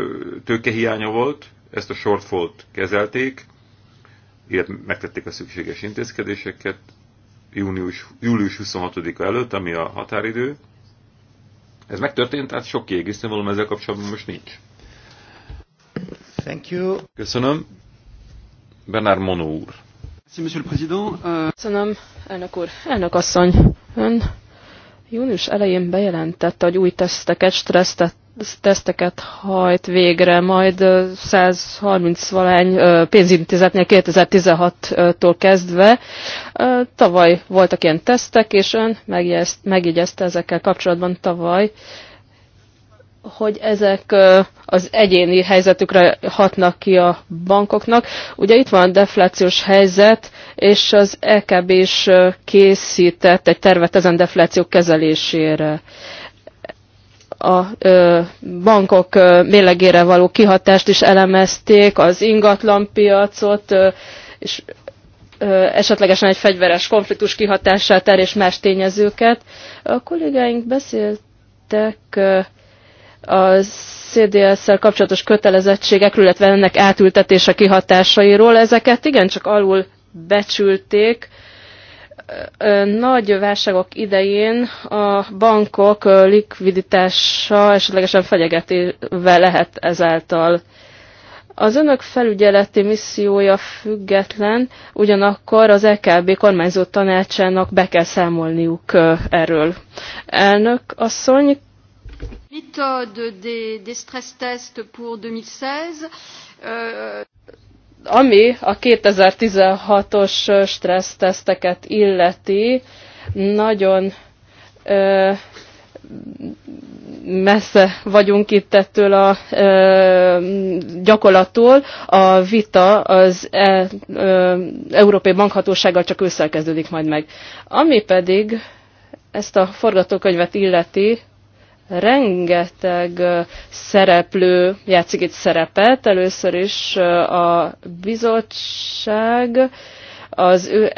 tőkehiánya volt, ezt a shortfallt kezelték, illetve megtették a szükséges intézkedéseket június, július 26-a előtt, ami a határidő. Ez megtörtént, tehát sok kiegészítő ezzel kapcsolatban most nincs. Thank you. Köszönöm. Bernard Monó úr. Euh, Köszönöm, elnök úr. Elnök asszony, ön június elején bejelentette, hogy új teszteket, stressz teszteket hajt végre, majd 130-valány pénzintézetnél 2016-tól kezdve. Tavaly voltak ilyen tesztek, és ön megjegyezte ezekkel kapcsolatban tavaly, hogy ezek az egyéni helyzetükre hatnak ki a bankoknak. Ugye itt van a deflációs helyzet, és az EKB is készített egy tervet ezen defláció kezelésére a bankok mélegére való kihatást is elemezték, az ingatlanpiacot, és esetlegesen egy fegyveres konfliktus kihatását erre és más tényezőket. A kollégáink beszéltek a CDS-szel kapcsolatos kötelezettségekről, illetve ennek átültetése kihatásairól. Ezeket igencsak alul becsülték. Nagy válságok idején a bankok likviditása esetlegesen fenyegetéve lehet ezáltal. Az önök felügyeleti missziója független, ugyanakkor az EKB kormányzó tanácsának be kell számolniuk erről. Elnök asszony, méthode des, des stress tests pour 2016. Euh, Ami a 2016-os stresszteszteket illeti, nagyon ö, messze vagyunk itt ettől a ö, gyakorlattól. A vita az e, ö, Európai Bankhatósággal csak ősszel kezdődik majd meg. Ami pedig ezt a forgatókönyvet illeti, rengeteg szereplő játszik itt szerepet. Először is a bizottság, az ő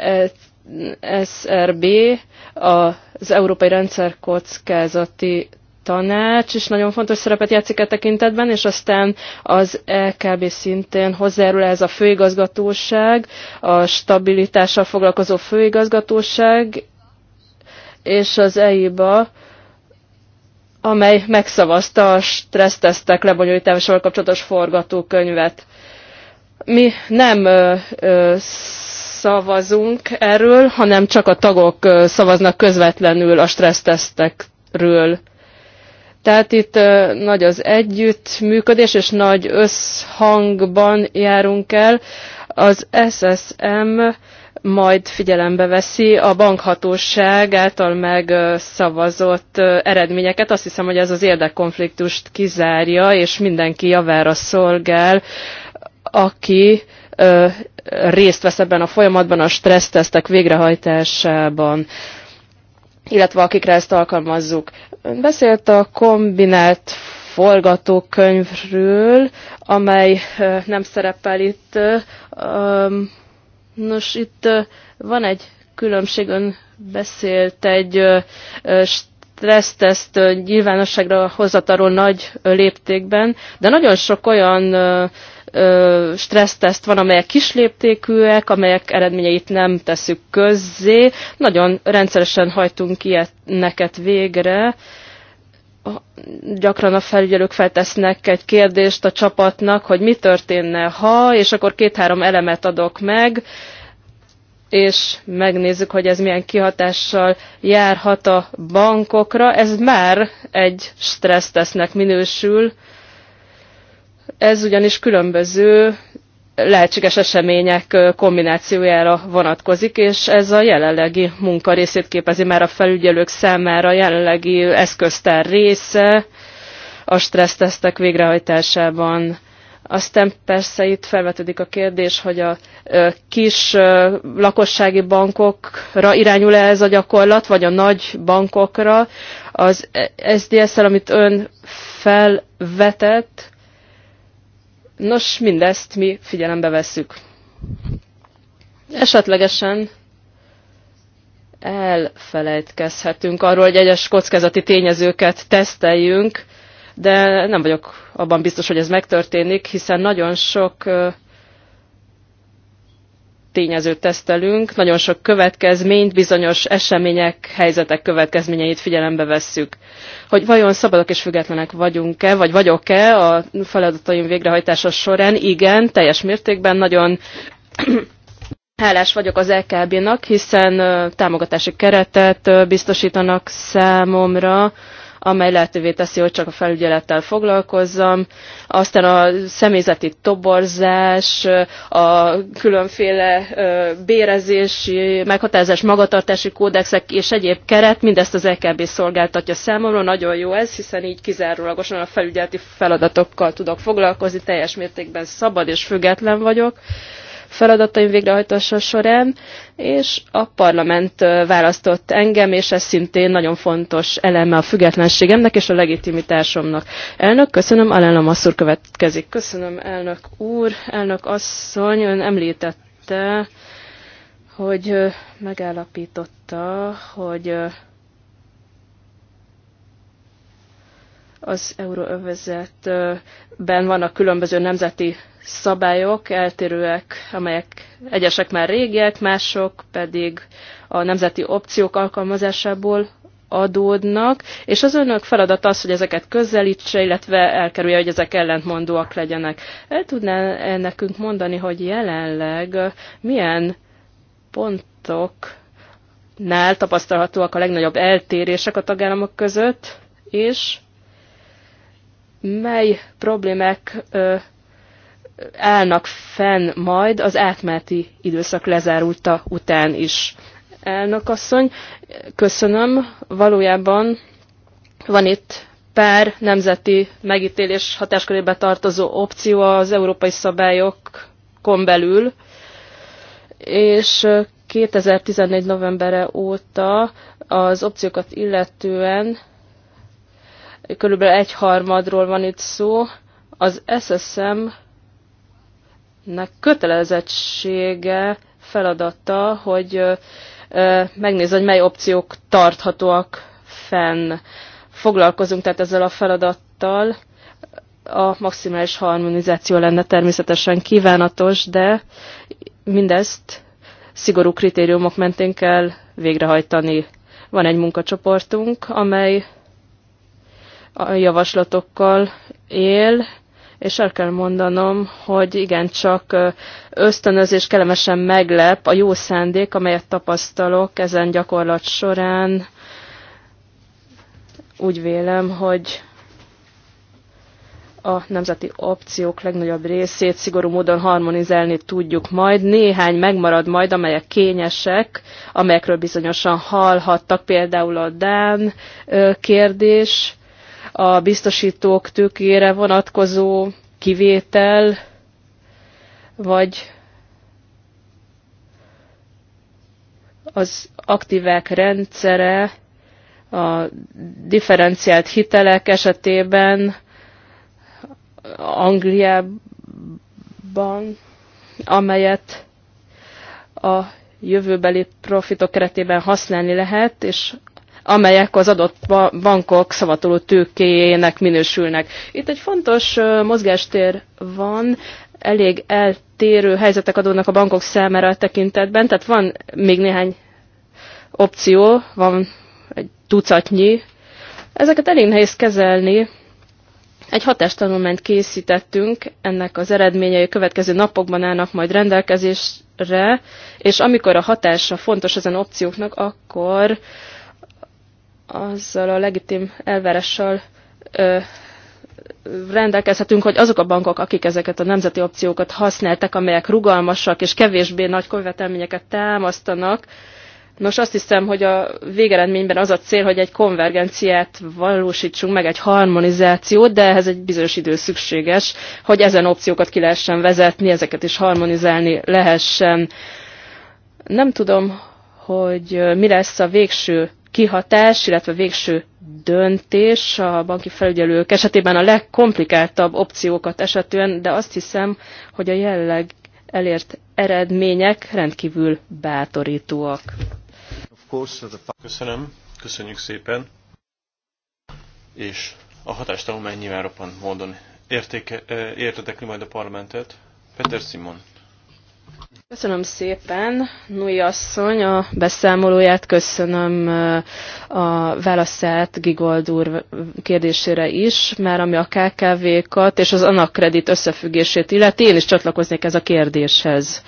SRB, az Európai Rendszer Kockázati Tanács is nagyon fontos szerepet játszik a e tekintetben, és aztán az LKB e szintén hozzájárul ez a főigazgatóság, a stabilitással foglalkozó főigazgatóság, és az EIBA amely megszavazta a stressztesztek lebonyolításával kapcsolatos forgatókönyvet. Mi nem ö, ö, szavazunk erről, hanem csak a tagok szavaznak közvetlenül a stressztesztekről. Tehát itt nagy az együttműködés, és nagy összhangban járunk el. Az SSM majd figyelembe veszi a bankhatóság által megszavazott eredményeket. Azt hiszem, hogy ez az érdekkonfliktust kizárja, és mindenki javára szolgál, aki ö, részt vesz ebben a folyamatban, a stressztesztek végrehajtásában, illetve akikre ezt alkalmazzuk. Beszélt a kombinált forgatókönyvről, amely nem szerepel itt. Nos, itt van egy különbség, ön beszélt egy stresszteszt nyilvánosságra hozataró nagy léptékben, de nagyon sok olyan stresszteszt van, amelyek kisléptékűek, amelyek eredményeit nem teszük közzé. Nagyon rendszeresen hajtunk ilyeneket végre gyakran a felügyelők feltesznek egy kérdést a csapatnak, hogy mi történne, ha, és akkor két-három elemet adok meg, és megnézzük, hogy ez milyen kihatással járhat a bankokra. Ez már egy stressztesznek minősül. Ez ugyanis különböző lehetséges események kombinációjára vonatkozik, és ez a jelenlegi munka részét képezi már a felügyelők számára a jelenlegi eszköztár része a stressztesztek végrehajtásában. Aztán persze itt felvetődik a kérdés, hogy a kis lakossági bankokra irányul-e ez a gyakorlat, vagy a nagy bankokra. Az e- SDS-el, amit ön felvetett, Nos, mindezt mi figyelembe vesszük. Esetlegesen elfelejtkezhetünk arról, hogy egyes kockázati tényezőket teszteljünk, de nem vagyok abban biztos, hogy ez megtörténik, hiszen nagyon sok tényezőt tesztelünk, nagyon sok következményt, bizonyos események, helyzetek következményeit figyelembe vesszük. Hogy vajon szabadok és függetlenek vagyunk-e, vagy vagyok-e a feladataim végrehajtása során, igen, teljes mértékben nagyon hálás vagyok az LKB-nak, e hiszen támogatási keretet biztosítanak számomra, amely lehetővé teszi, hogy csak a felügyelettel foglalkozzam. Aztán a személyzeti toborzás, a különféle bérezési, meghatározás magatartási kódexek és egyéb keret, mindezt az EKB szolgáltatja számomra. Nagyon jó ez, hiszen így kizárólagosan a felügyeleti feladatokkal tudok foglalkozni, teljes mértékben szabad és független vagyok feladataim végrehajtása során, és a parlament választott engem, és ez szintén nagyon fontos eleme a függetlenségemnek és a legitimitásomnak. Elnök, köszönöm, Alena Masszur következik. Köszönöm, elnök úr, elnök asszony, ön említette, hogy megállapította, hogy az euróövezetben vannak különböző nemzeti szabályok eltérőek, amelyek egyesek már régiek, mások pedig a nemzeti opciók alkalmazásából adódnak, és az önök feladat az, hogy ezeket közelítse, illetve elkerülje, hogy ezek ellentmondóak legyenek. El tudná -e nekünk mondani, hogy jelenleg milyen pontoknál tapasztalhatóak a legnagyobb eltérések a tagállamok között, és mely problémák állnak fenn majd az átmeneti időszak lezárulta után is. Elnök asszony, köszönöm. Valójában van itt pár nemzeti megítélés hatáskörébe tartozó opció az európai szabályokon belül, és 2014. novembere óta az opciókat illetően körülbelül egyharmadról van itt szó, az SSM nek kötelezettsége, feladata, hogy megnézze, hogy mely opciók tarthatóak fenn. Foglalkozunk tehát ezzel a feladattal. A maximális harmonizáció lenne természetesen kívánatos, de mindezt szigorú kritériumok mentén kell végrehajtani. Van egy munkacsoportunk, amely a javaslatokkal él, és el kell mondanom, hogy igencsak ösztönöz és kellemesen meglep a jó szándék, amelyet tapasztalok ezen gyakorlat során. Úgy vélem, hogy a nemzeti opciók legnagyobb részét szigorú módon harmonizálni tudjuk majd. Néhány megmarad majd, amelyek kényesek, amelyekről bizonyosan hallhattak, például a Dán kérdés, a biztosítók tőkére vonatkozó kivétel, vagy az aktívek rendszere a differenciált hitelek esetében Angliában, amelyet a jövőbeli profitok keretében használni lehet, és amelyek az adott bankok szavatoló tőkéjének minősülnek. Itt egy fontos mozgástér van, elég eltérő helyzetek adódnak a bankok számára a tekintetben, tehát van még néhány opció, van egy tucatnyi. Ezeket elég nehéz kezelni. Egy hatástanulmányt készítettünk, ennek az eredményei következő napokban állnak majd rendelkezésre, és amikor a hatása fontos ezen opcióknak, akkor uh, azzal a legitim elvárással ö, rendelkezhetünk, hogy azok a bankok, akik ezeket a nemzeti opciókat használtak, amelyek rugalmasak és kevésbé nagy követelményeket támasztanak, Nos, azt hiszem, hogy a végeredményben az a cél, hogy egy konvergenciát valósítsunk meg, egy harmonizációt, de ehhez egy bizonyos idő szükséges, hogy ezen opciókat ki lehessen vezetni, ezeket is harmonizálni lehessen. Nem tudom, hogy mi lesz a végső kihatás, illetve végső döntés a banki felügyelők esetében a legkomplikáltabb opciókat esetően, de azt hiszem, hogy a jelleg elért eredmények rendkívül bátorítóak. Köszönöm, köszönjük szépen, és a hatástanulmány nyilván roppant módon értéke, eh, értetekli majd a parlamentet. Peter Simon. Köszönöm szépen, Nui asszony, a beszámolóját, köszönöm a válaszát Gigold úr kérdésére is, mert ami a KKV-kat és az anakredit összefüggését illeti, én is csatlakoznék ez a kérdéshez.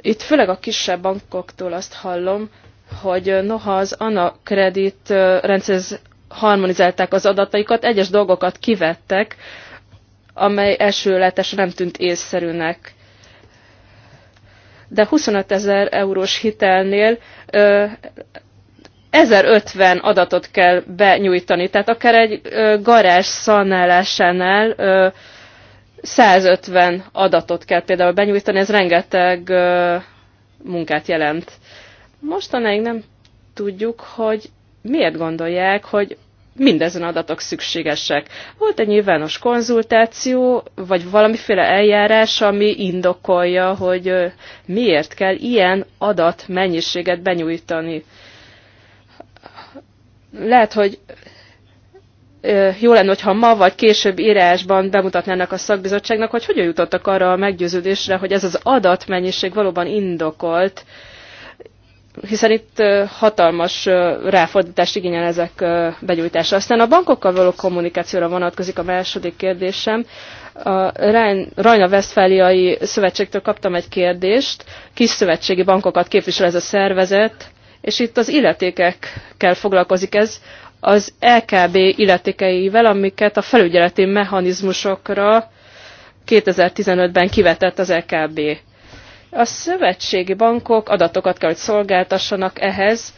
Itt főleg a kisebb bankoktól azt hallom, hogy noha az anakredit rendszerhez harmonizálták az adataikat, egyes dolgokat kivettek, amely elsőletes nem tűnt észszerűnek. De 25 ezer eurós hitelnél ö, 1050 adatot kell benyújtani, tehát akár egy ö, garázs szanálásánál ö, 150 adatot kell például benyújtani, ez rengeteg ö, munkát jelent. Mostanáig nem tudjuk, hogy miért gondolják, hogy mindezen adatok szükségesek. Volt egy nyilvános konzultáció, vagy valamiféle eljárás, ami indokolja, hogy miért kell ilyen adat mennyiséget benyújtani. Lehet, hogy jó lenne, hogyha ma vagy később írásban bemutatnának a szakbizottságnak, hogy hogyan jutottak arra a meggyőződésre, hogy ez az adatmennyiség valóban indokolt, hiszen itt hatalmas ráfordítást igényel ezek begyújtása. Aztán a bankokkal való kommunikációra vonatkozik a második kérdésem. A Rajna Vesztfáliai Szövetségtől kaptam egy kérdést. Kis szövetségi bankokat képvisel ez a szervezet, és itt az illetékekkel foglalkozik ez az LKB e illetékeivel, amiket a felügyeleti mechanizmusokra 2015-ben kivetett az LKB. E a szövetségi bankok adatokat kell, hogy szolgáltassanak ehhez.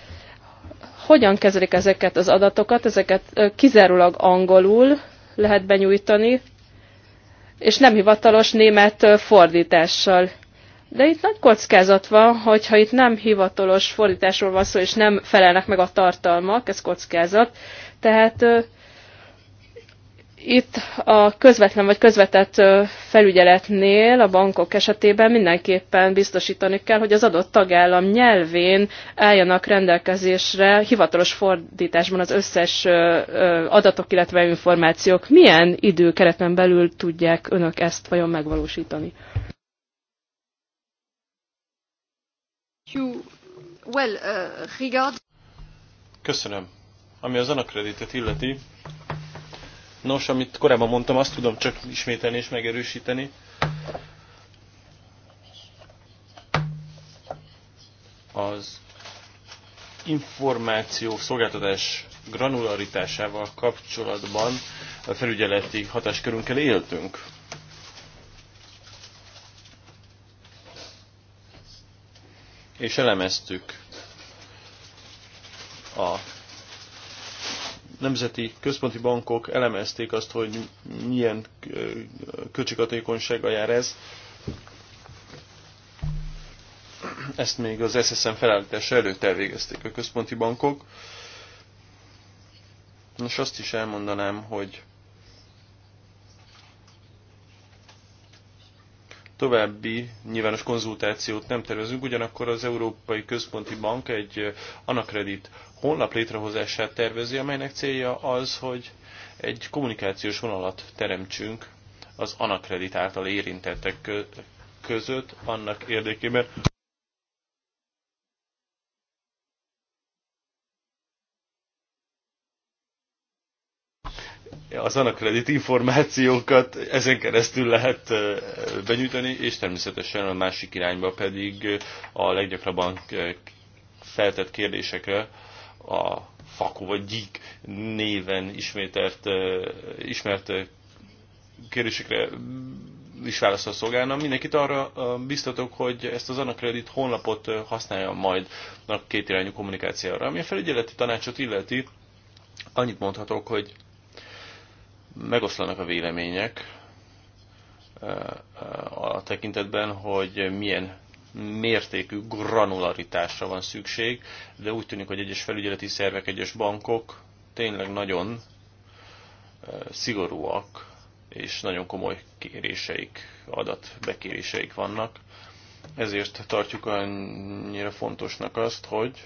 Hogyan kezelik ezeket az adatokat? Ezeket kizárólag angolul lehet benyújtani, és nem hivatalos német fordítással. De itt nagy kockázat van, hogyha itt nem hivatalos fordításról van szó, és nem felelnek meg a tartalmak, ez kockázat. Tehát itt a közvetlen vagy közvetett felügyeletnél a bankok esetében mindenképpen biztosítani kell, hogy az adott tagállam nyelvén álljanak rendelkezésre hivatalos fordításban az összes adatok, illetve információk. Milyen időkereten belül tudják önök ezt vajon megvalósítani? Uh, Köszönöm. Ami az anakreditet illeti, Nos, amit korábban mondtam, azt tudom csak ismételni és megerősíteni. Az információ szolgáltatás granularitásával kapcsolatban a felügyeleti hatáskörünkkel éltünk. És elemeztük a nemzeti központi bankok elemezték azt, hogy milyen költséghatékonysággal jár ez. Ezt még az SSM felállítása előtt elvégezték a központi bankok. Most azt is elmondanám, hogy további nyilvános konzultációt nem tervezünk, ugyanakkor az Európai Központi Bank egy Anakredit honlap létrehozását tervezi, amelynek célja az, hogy egy kommunikációs vonalat teremtsünk az anakredit által érintettek között annak érdekében, az anakredit információkat ezen keresztül lehet benyújtani, és természetesen a másik irányba pedig a leggyakrabban feltett kérdésekre a fakó vagy gyík néven ismételt, ismert kérdésekre is válaszol szolgálna. Mindenkit arra biztatok, hogy ezt az Anakredit honlapot használja majd a két irányú kommunikációra. Ami a felügyeleti tanácsot illeti, annyit mondhatok, hogy megoszlanak a vélemények a tekintetben, hogy milyen mértékű granularitásra van szükség, de úgy tűnik, hogy egyes felügyeleti szervek, egyes bankok tényleg nagyon szigorúak, és nagyon komoly kéréseik, adatbekéréseik vannak. Ezért tartjuk annyira fontosnak azt, hogy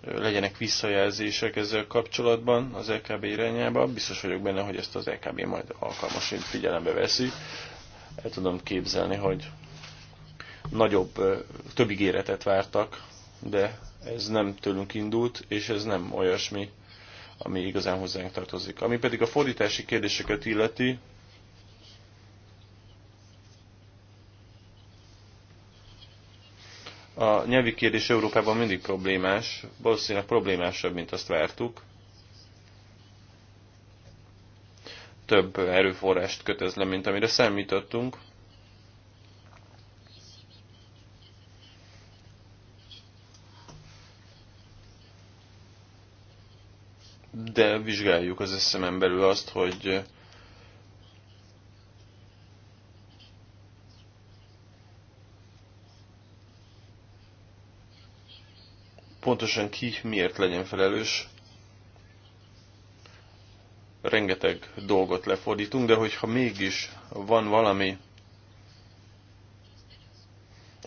legyenek visszajelzések ezzel kapcsolatban az LKB e irányába. Biztos vagyok benne, hogy ezt az LKB e majd alkalmasint figyelembe veszi. El tudom képzelni, hogy nagyobb, több ígéretet vártak, de ez nem tőlünk indult, és ez nem olyasmi, ami igazán hozzánk tartozik. Ami pedig a fordítási kérdéseket illeti, a nyelvi kérdés Európában mindig problémás, valószínűleg problémásabb, mint azt vártuk. több erőforrást kötöz le, mint amire számítottunk. De vizsgáljuk az eszemen belül azt, hogy pontosan ki miért legyen felelős, rengeteg dolgot lefordítunk, de hogyha mégis van valami,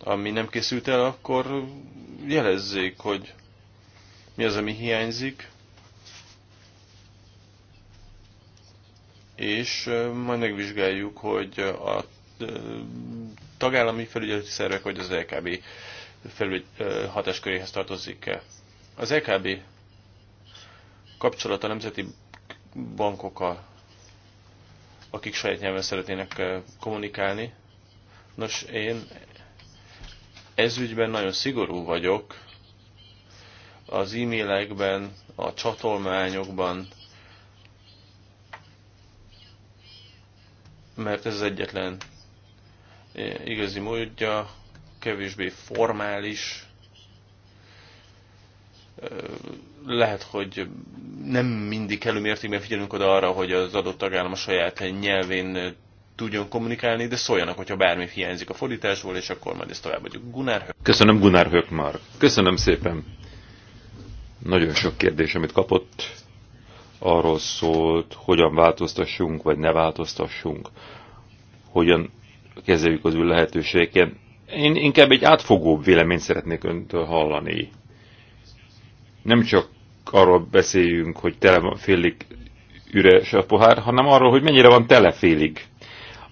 ami nem készült el, akkor jelezzék, hogy mi az, ami hiányzik, és majd megvizsgáljuk, hogy a tagállami felügyeleti szervek vagy az LKB felügy, hatásköréhez tartozik-e. Az LKB kapcsolata nemzeti bankok, a, akik saját nyelven szeretnének eh, kommunikálni. Nos, én ezügyben nagyon szigorú vagyok. Az e-mailekben, a csatolmányokban, mert ez az egyetlen eh, igazi módja, kevésbé formális eh, lehet, hogy nem mindig kellő mértékben figyelünk oda arra, hogy az adott tagállam a saját nyelvén tudjon kommunikálni, de szóljanak, hogyha bármi hiányzik a fordításból, és akkor majd ezt vagyunk. Gunár Hök. Köszönöm Gunár már Köszönöm szépen. Nagyon sok kérdés, amit kapott, arról szólt, hogyan változtassunk, vagy ne változtassunk, hogyan kezeljük az ő lehetőségeket. Én inkább egy átfogóbb véleményt szeretnék öntől hallani nem csak arról beszéljünk, hogy tele van félig üres a pohár, hanem arról, hogy mennyire van tele félig.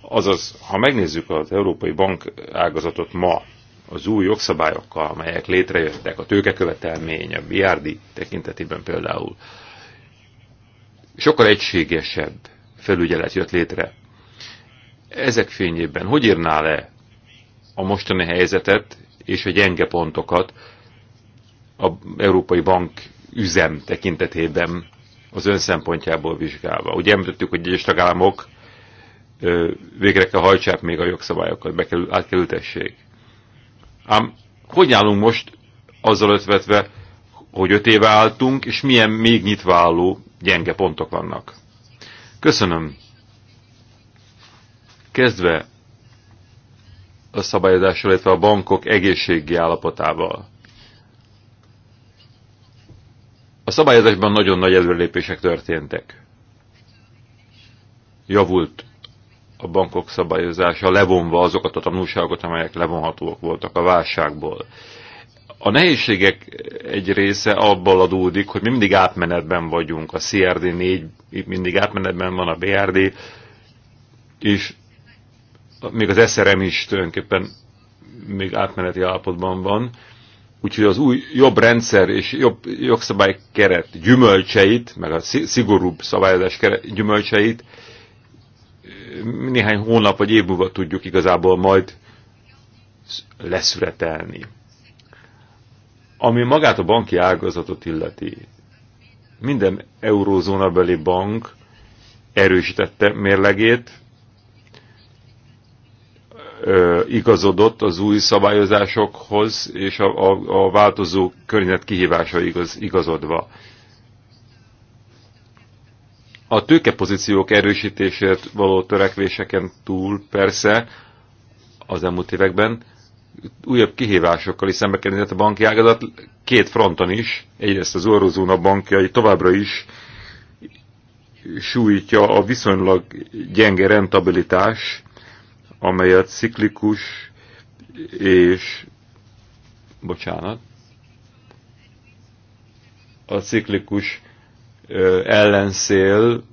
Azaz, ha megnézzük az Európai Bank ágazatot ma, az új jogszabályokkal, amelyek létrejöttek, a tőkekövetelmény, a BRD tekintetében például, sokkal egységesebb felügyelet jött létre. Ezek fényében hogy írná le a mostani helyzetet és a gyenge pontokat a Európai Bank üzem tekintetében az ön szempontjából vizsgálva. Ugye említettük, hogy egyes tagállamok végre kell hajtsák még a jogszabályokat, bekerül, átkerültessék. Ám hogy állunk most azzal ötvetve, hogy öt éve álltunk, és milyen még nyitva álló gyenge pontok vannak? Köszönöm. Kezdve a szabályozással, illetve a bankok egészségi állapotával. A szabályozásban nagyon nagy előrelépések történtek. Javult a bankok szabályozása, levonva azokat a tanulságokat, amelyek levonhatóak voltak a válságból. A nehézségek egy része abból adódik, hogy mi mindig átmenetben vagyunk. A CRD 4 mindig átmenetben van, a BRD, és még az SRM is tulajdonképpen még átmeneti állapotban van. Úgyhogy az új jobb rendszer és jobb jogszabály keret gyümölcseit, meg a szigorúbb szabályozás keret, gyümölcseit néhány hónap vagy év múlva tudjuk igazából majd leszüretelni. Ami magát a banki ágazatot illeti, minden eurózónabeli bank erősítette mérlegét, igazodott az új szabályozásokhoz és a, a, a változó környezet kihívása igaz, igazodva. A tőkepozíciók erősítésért való törekvéseken túl persze az elmúlt években újabb kihívásokkal is szembe kerülhet a banki ágazat két fronton is, egyrészt az eurozóna bankjai továbbra is sújtja a viszonylag gyenge rentabilitás, amely a ciklikus és bocsánat, a ciklikus ellenszél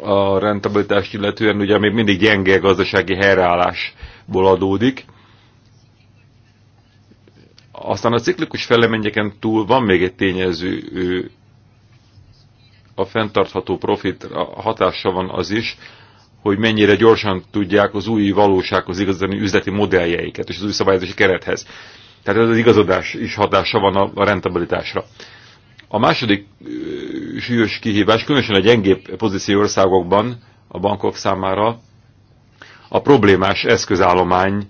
a rentabilitást illetően ugye még mindig gyenge gazdasági helyreállásból adódik. Aztán a ciklikus feleményeken túl van még egy tényező, a fenntartható profit hatása van az is, hogy mennyire gyorsan tudják az új valósághoz igazodni üzleti modelljeiket és az új szabályozási kerethez. Tehát ez az igazodás is hatása van a, a rentabilitásra. A második súlyos kihívás, különösen a gyengébb pozíció országokban a bankok számára a problémás eszközállomány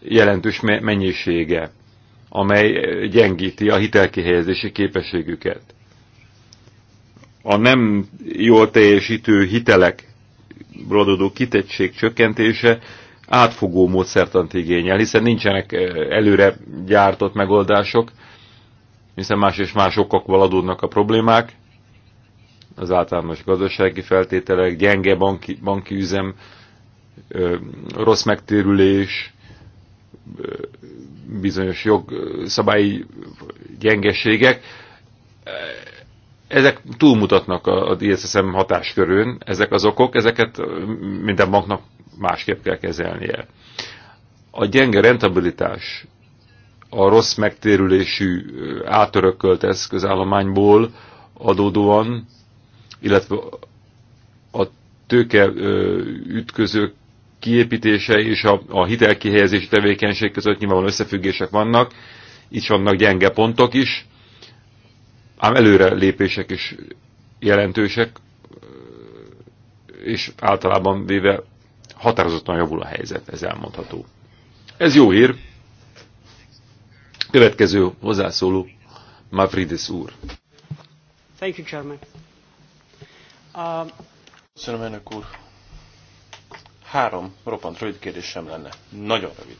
jelentős mennyisége, amely gyengíti a hitelkihelyezési képességüket. A nem jól teljesítő hitelek adódó kitettség csökkentése átfogó módszertant igényel, hiszen nincsenek előre gyártott megoldások, hiszen más és más okokval adódnak a problémák, az általános gazdasági feltételek, gyenge banki, banki üzem, rossz megtérülés, bizonyos jogszabályi gyengeségek, ezek túlmutatnak az hatás hatáskörön, ezek az okok, ezeket minden banknak másképp kell kezelnie. A gyenge rentabilitás, a rossz megtérülésű átörökölt eszközállományból adódóan, illetve a tőke ütközők kiépítése és a, a hitelkihelyezési tevékenység között nyilvánvalóan összefüggések vannak, itt vannak gyenge pontok is, ám előre lépések is jelentősek, és általában véve határozottan javul a helyzet, ez elmondható. Ez jó hír. Következő hozzászóló Mavridis úr. Thank you, Chairman. Um... Köszönöm, elnök úr. Három roppant rövid kérdésem lenne. Nagyon rövid.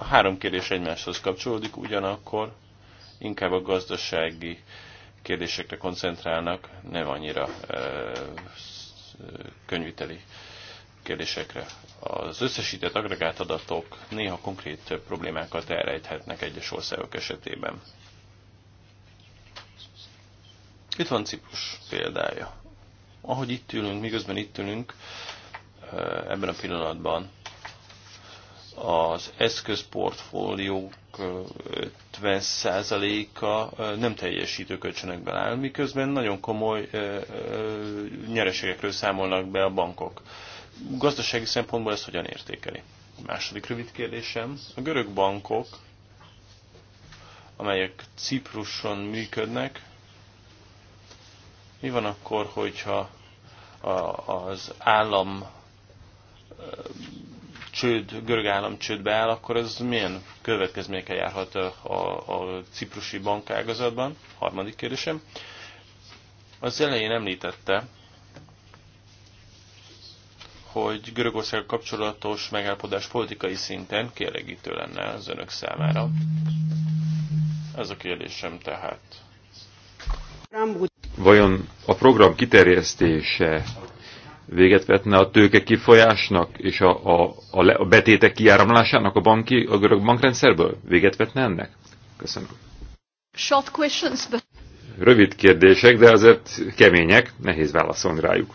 A három kérdés egymáshoz kapcsolódik, ugyanakkor inkább a gazdasági kérdésekre koncentrálnak, nem annyira könyviteli kérdésekre. Az összesített agregált adatok néha konkrét problémákat elrejthetnek egyes országok esetében. Itt van Ciprus példája. Ahogy itt ülünk, miközben itt ülünk, ebben a pillanatban az eszközportfóliók 50%-a nem teljesítő kölcsönökben áll, miközben nagyon komoly nyereségekről számolnak be a bankok. Gazdasági szempontból ezt hogyan értékeli? A második rövid kérdésem. A görög bankok, amelyek Cipruson működnek, mi van akkor, hogyha az állam csőd, görög állam csődbe áll, akkor ez milyen következményekkel járhat a, a, a ciprusi bankágazatban? Harmadik kérdésem. Az elején említette, hogy Görögország kapcsolatos megállapodás politikai szinten kielégítő lenne az önök számára. Ez a kérdésem tehát. Vajon a program kiterjesztése véget vetne a tőke kifolyásnak és a, a, a, le, a betétek kiáramlásának a, banki, a görög bankrendszerből? Véget vetne ennek? Köszönöm. Short questions, but... Rövid kérdések, de azért kemények, nehéz válaszolni rájuk.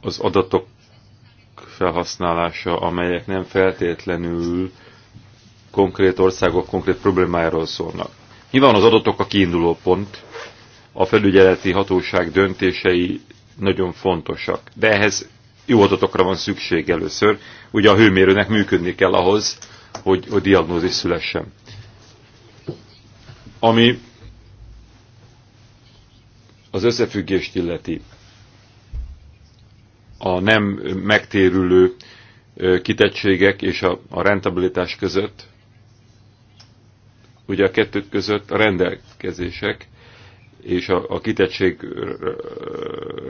Az adatok felhasználása, amelyek nem feltétlenül konkrét országok konkrét problémájáról szólnak. Nyilván az adatok a kiinduló pont, a felügyeleti hatóság döntései nagyon fontosak. De ehhez jó adatokra van szükség először. Ugye a hőmérőnek működni kell ahhoz, hogy a diagnózis szülessen. Ami az összefüggést illeti, a nem megtérülő kitettségek és a, a rentabilitás között, ugye a kettőt között a rendelkezések és a, a kitettség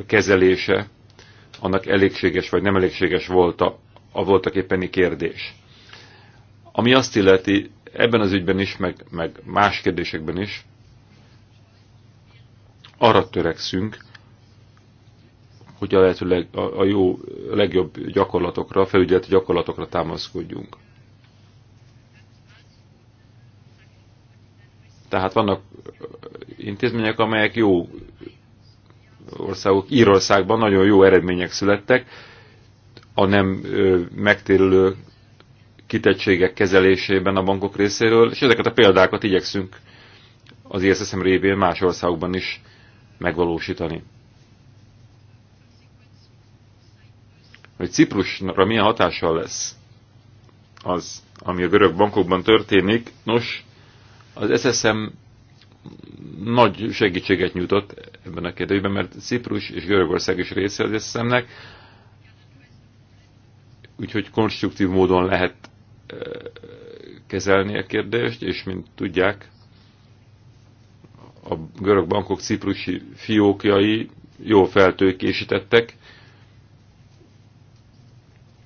kezelése, annak elégséges vagy nem elégséges volt a, a voltak éppeni kérdés. Ami azt illeti, ebben az ügyben is, meg, meg más kérdésekben is, arra törekszünk, hogy a lehető a, a jó, legjobb gyakorlatokra, a felügyeleti gyakorlatokra támaszkodjunk. Tehát vannak intézmények, amelyek jó országok, Írországban nagyon jó eredmények születtek, a nem megtérülő kitettségek kezelésében a bankok részéről, és ezeket a példákat igyekszünk az ISSM révén más országokban is megvalósítani. Hogy Ciprusra milyen hatással lesz az, ami a görög bankokban történik, nos, az SSM nagy segítséget nyújtott ebben a kérdésben, mert Ciprus és Görögország is része az eszemnek, úgyhogy konstruktív módon lehet kezelni a kérdést, és mint tudják, a görög bankok ciprusi fiókjai jó feltőkésítettek,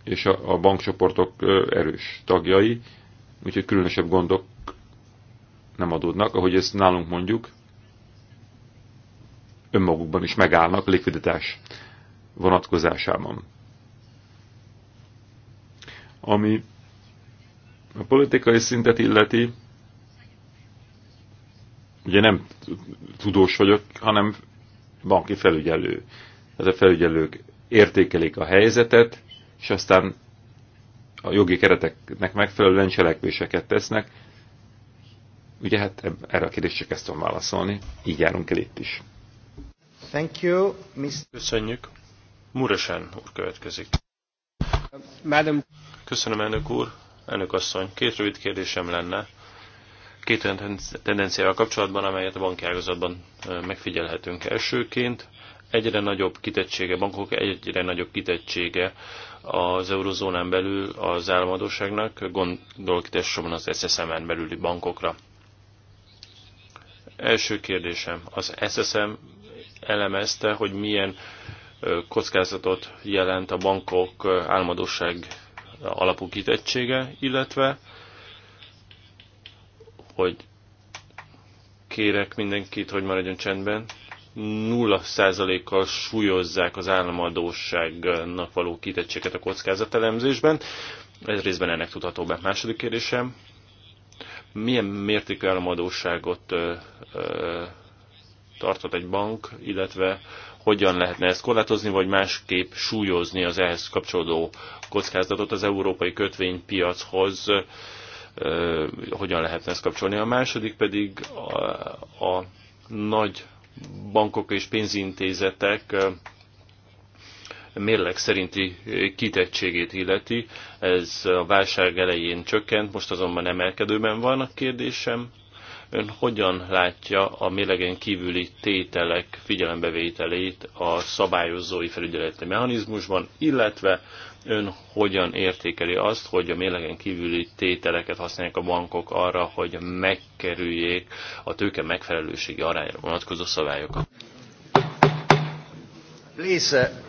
és a, a bankcsoportok erős tagjai, úgyhogy különösebb gondok nem adódnak, ahogy ezt nálunk mondjuk, önmagukban is megállnak likviditás vonatkozásában. Ami a politikai szintet illeti, ugye nem tudós vagyok, hanem banki felügyelő. Ez a felügyelők értékelik a helyzetet, és aztán a jogi kereteknek megfelelően cselekvéseket tesznek, Ugye hát erre a kérdést csak ezt tudom válaszolni. Így járunk el itt is. Thank you, Mr. Köszönjük. Muresen úr következik. Madam. Köszönöm, elnök úr. Elnök asszony, két rövid kérdésem lenne. Két olyan tendenciával kapcsolatban, amelyet a banki ágazatban megfigyelhetünk elsőként. Egyre nagyobb kitettsége, bankok egyre nagyobb kitettsége az eurozónán belül az államadóságnak, gondolok itt az SSM-en belüli bankokra. Első kérdésem, az SSM elemezte, hogy milyen kockázatot jelent a bankok álmodosság alapú kitettsége, illetve hogy kérek mindenkit, hogy maradjon csendben, 0%-kal súlyozzák az államadóságnak való kitettséget a kockázatelemzésben. Ez részben ennek tudható be. Második kérdésem, milyen mértékű államadóságot tartott egy bank, illetve hogyan lehetne ezt korlátozni, vagy másképp súlyozni az ehhez kapcsolódó kockázatot az európai kötvénypiachoz, hogyan lehetne ezt kapcsolni. A második pedig a, a nagy bankok és pénzintézetek mérleg szerinti kitettségét illeti. Ez a válság elején csökkent, most azonban emelkedőben vannak kérdésem. Ön hogyan látja a mérlegen kívüli tételek figyelembevételét a szabályozói felügyeleti mechanizmusban, illetve ön hogyan értékeli azt, hogy a mérlegen kívüli tételeket használják a bankok arra, hogy megkerüljék a tőke megfelelőségi arányra vonatkozó szabályokat? Please,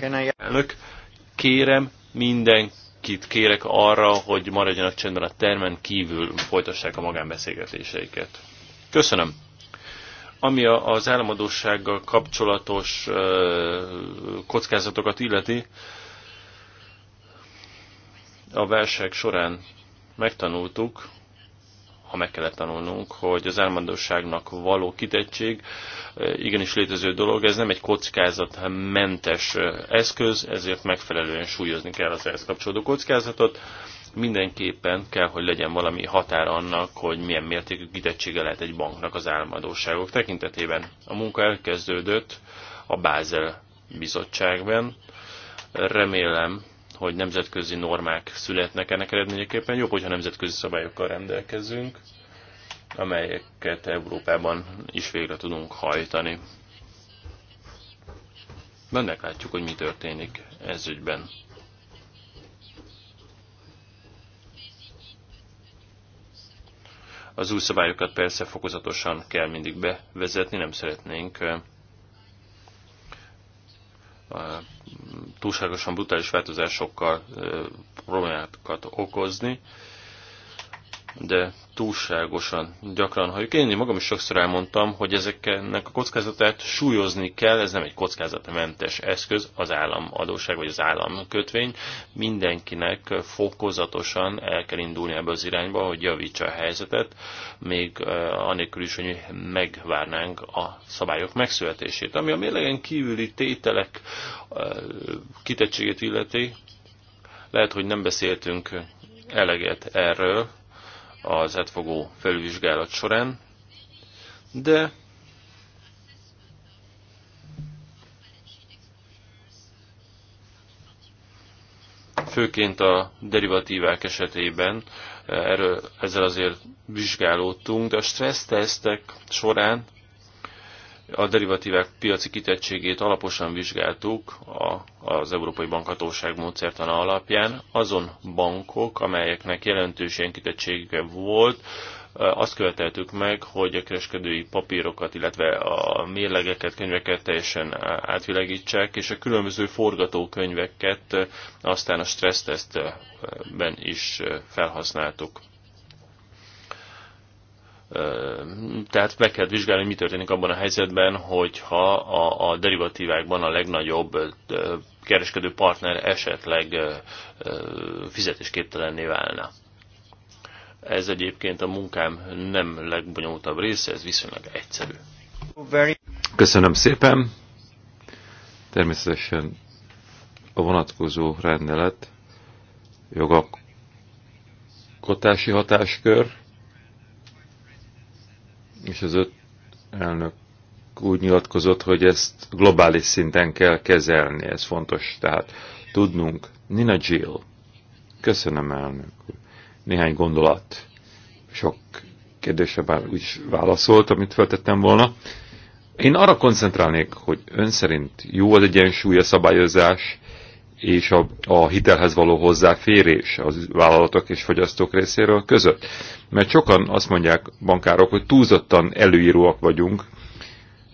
Elnök, kérem mindenkit kérek arra, hogy maradjanak csendben a termen kívül, folytassák a magánbeszélgetéseiket. Köszönöm. Ami az államadósággal kapcsolatos kockázatokat illeti, a válság során megtanultuk, ha meg kellett tanulnunk, hogy az állandóságnak való kitettség eh, igenis létező dolog, ez nem egy kockázatmentes eh, eszköz, ezért megfelelően súlyozni kell az ehhez kapcsolódó kockázatot. Mindenképpen kell, hogy legyen valami határ annak, hogy milyen mértékű kitettsége lehet egy banknak az államadóságok tekintetében. A munka elkezdődött a Bázel bizottságban. Remélem, hogy nemzetközi normák születnek ennek eredményeképpen. Jobb, hogyha nemzetközi szabályokkal rendelkezünk, amelyeket Európában is végre tudunk hajtani. Bennek látjuk, hogy mi történik ez ügyben. Az új szabályokat persze fokozatosan kell mindig bevezetni, nem szeretnénk Mm, túlságosan brutális változásokkal problémákat okozni de túlságosan gyakran halljuk. Én magam is sokszor elmondtam, hogy ezeknek a kockázatát súlyozni kell, ez nem egy kockázatmentes eszköz, az államadóság vagy az államkötvény. Mindenkinek fokozatosan el kell indulni ebbe az irányba, hogy javítsa a helyzetet, még eh, anélkül is, hogy megvárnánk a szabályok megszületését. Ami a mérlegen kívüli tételek eh, kitettségét illeti, lehet, hogy nem beszéltünk eleget erről, az átfogó felvizsgálat során, de főként a derivatívák esetében eh, erről, ezzel azért vizsgálódtunk, de a stressztesztek során a derivatívák piaci kitettségét alaposan vizsgáltuk az Európai Bankhatóság módszertana alapján. Azon bankok, amelyeknek jelentős ilyen kitettsége volt, azt követeltük meg, hogy a kereskedői papírokat, illetve a mérlegeket, könyveket teljesen átvilegítsák, és a különböző forgatókönyveket aztán a stressztesztben is felhasználtuk. Tehát meg kell vizsgálni, mi történik abban a helyzetben, hogyha a, a derivatívákban a legnagyobb kereskedő partner esetleg fizetésképtelenné válna. Ez egyébként a munkám nem legbonyolultabb része, ez viszonylag egyszerű. Köszönöm szépen. Természetesen a vonatkozó rendelet jogalkotási hatáskör, és az öt elnök úgy nyilatkozott, hogy ezt globális szinten kell kezelni, ez fontos. Tehát tudnunk, Nina Jill, köszönöm elnök úr, néhány gondolat, sok kérdésre már úgy válaszolt, amit feltettem volna. Én arra koncentrálnék, hogy ön szerint jó az egyensúly, a szabályozás, és a, a hitelhez való hozzáférés az vállalatok és fogyasztók részéről között. Mert sokan azt mondják bankárok, hogy túlzottan előíróak vagyunk,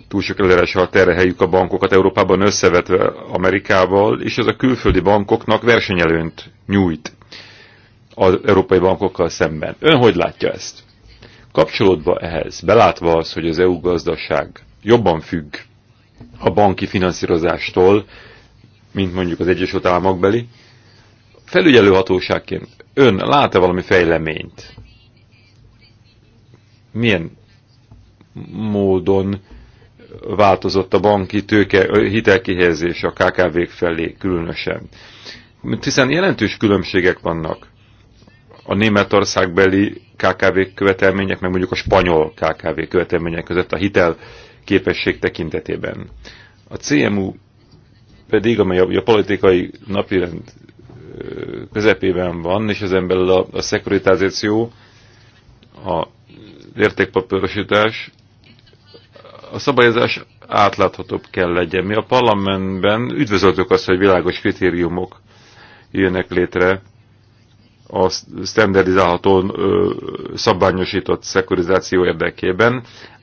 túl sok előrással helyük a bankokat Európában összevetve Amerikával, és ez a külföldi bankoknak versenyelőnt nyújt az európai bankokkal szemben. Ön hogy látja ezt? Kapcsolódva ehhez, belátva az, hogy az EU gazdaság jobban függ a banki finanszírozástól, mint mondjuk az Egyesült Államokbeli, felügyelőhatóságként ön lát-e valami fejleményt? Milyen módon változott a banki tőke, hitelkihelyezés a KKV-k felé különösen? Hiszen jelentős különbségek vannak a németországbeli KKV követelmények, meg mondjuk a spanyol KKV követelmények között a hitel képesség tekintetében. A CMU pedig, amely a, a politikai napirend közepében van, és ezen belül a, a szekuritázáció, a értékpapírosítás, a szabályozás átláthatóbb kell legyen. Mi a parlamentben üdvözöltük azt, hogy világos kritériumok jönnek létre a standardizálható szabványosított szekurizáció érdekében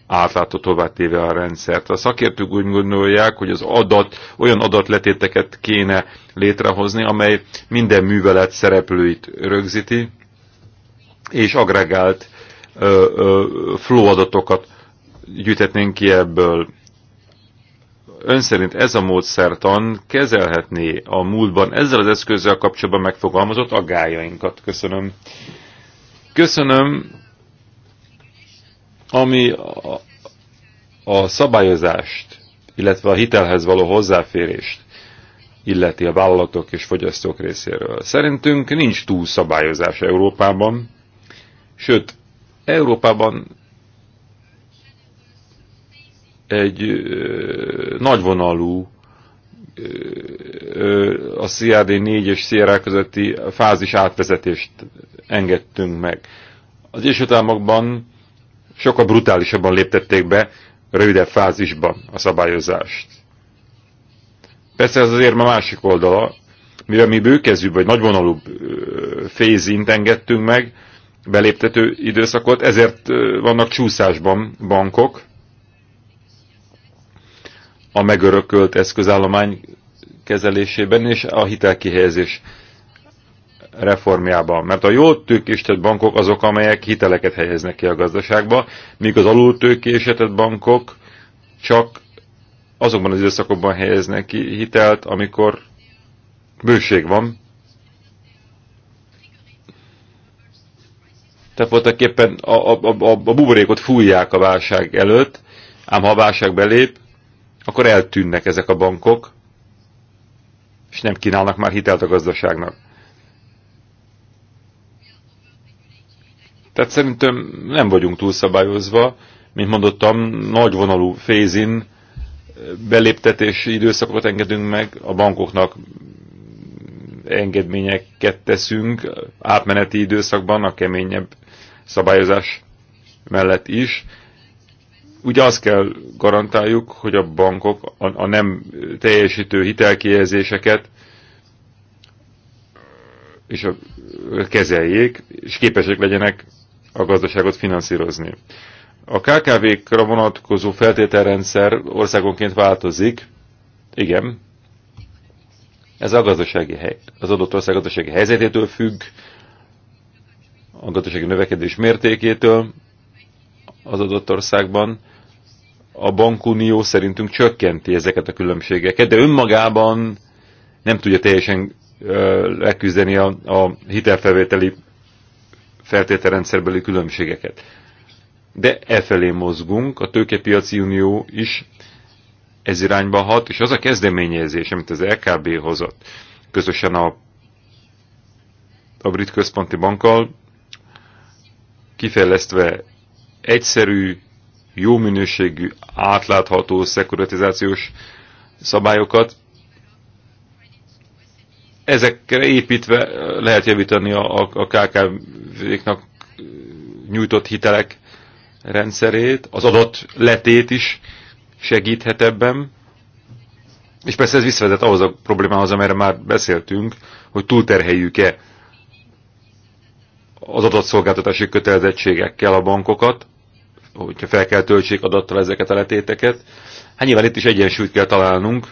átláthatóvá téve a rendszert. A szakértők úgy gondolják, hogy az adat, olyan adatletéteket kéne létrehozni, amely minden művelet szereplőit rögzíti, és agregált ö, ö, flow adatokat gyűjtetnénk ki ebből. Ön szerint ez a módszertan kezelhetné a múltban ezzel az eszközzel kapcsolatban megfogalmazott aggájainkat? Köszönöm. Köszönöm. Ami a, a szabályozást, illetve a hitelhez való hozzáférést illeti a vállalatok és fogyasztók részéről. Szerintünk nincs túl szabályozás Európában, sőt, Európában egy ö, nagyvonalú ö, a CRD 4 és CRA közötti fázis átvezetést engedtünk meg. Az Egyesült Államokban sokkal brutálisabban léptették be rövidebb fázisban a szabályozást. Persze ez azért a másik oldala, mivel mi bőkezűbb vagy nagyvonalúbb fézint engedtünk meg, beléptető időszakot, ezért vannak csúszásban bankok, a megörökölt eszközállomány kezelésében és a hitelkihelyezés reformjában. Mert a jó tőkésített bankok azok, amelyek hiteleket helyeznek ki a gazdaságba, míg az alul tőkésített bankok csak azokban az időszakokban helyeznek ki hitelt, amikor bőség van. Tehát voltak éppen a, a, a, a buborékot fújják a válság előtt, ám ha a válság belép, akkor eltűnnek ezek a bankok, és nem kínálnak már hitelt a gazdaságnak. Tehát szerintem nem vagyunk túlszabályozva, mint mondottam, vonalú fézin eh, beléptetési időszakokat engedünk meg, a bankoknak engedményeket teszünk átmeneti időszakban, a keményebb szabályozás mellett is. Ugye azt kell garantáljuk, hogy a bankok a, a nem teljesítő hitelkijelzéseket és a, kezeljék, és képesek legyenek a gazdaságot finanszírozni. A KKV-kra vonatkozó feltételrendszer országonként változik. Igen. Ez a gazdasági hely, az adott ország gazdasági helyzetétől függ, a gazdasági növekedés mértékétől az adott országban. A bankunió szerintünk csökkenti ezeket a különbségeket, de önmagában nem tudja teljesen leküzdeni a, a hitelfelvételi feltételrendszerbeli különbségeket. De e felé mozgunk, a tőkepiaci unió is ez irányba hat, és az a kezdeményezés, amit az LKB hozott, közösen a, a brit központi bankkal, kifejlesztve egyszerű, jó minőségű, átlátható szekuratizációs szabályokat, ezekre építve lehet javítani a, a, KKV kkv nyújtott hitelek rendszerét, az adott letét is segíthet ebben. És persze ez visszavezet ahhoz a problémához, amelyre már beszéltünk, hogy túlterheljük-e az adott szolgáltatási kötelezettségekkel a bankokat, hogyha fel kell töltsék adattal ezeket a letéteket. Hát nyilván itt is egyensúlyt kell találnunk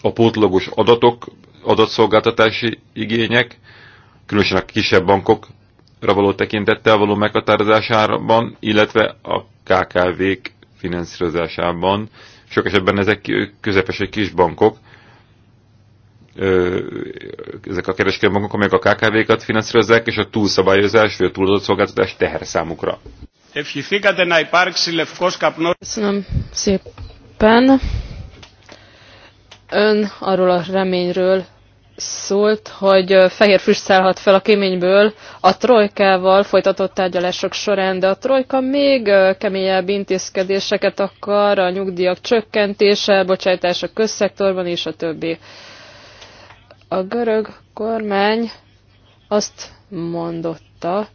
a pótlagos adatok, adatszolgáltatási igények, különösen a kisebb bankokra való tekintettel való meghatározásában, illetve a KKV-k finanszírozásában. Sok esetben ezek közepes egy kis bankok, ezek a kereskedő bankok, amelyek a KKV-kat finanszírozzák, és a túlszabályozás vagy a túlzott szolgáltatás teher számukra. Köszönöm szépen. Ön arról a reményről szólt, hogy fehér füst szállhat fel a kéményből a trojkával folytatott tárgyalások során, de a trojka még keményebb intézkedéseket akar, a nyugdíjak csökkentése, bocsájtás a közszektorban és a többi. A görög kormány azt mondotta,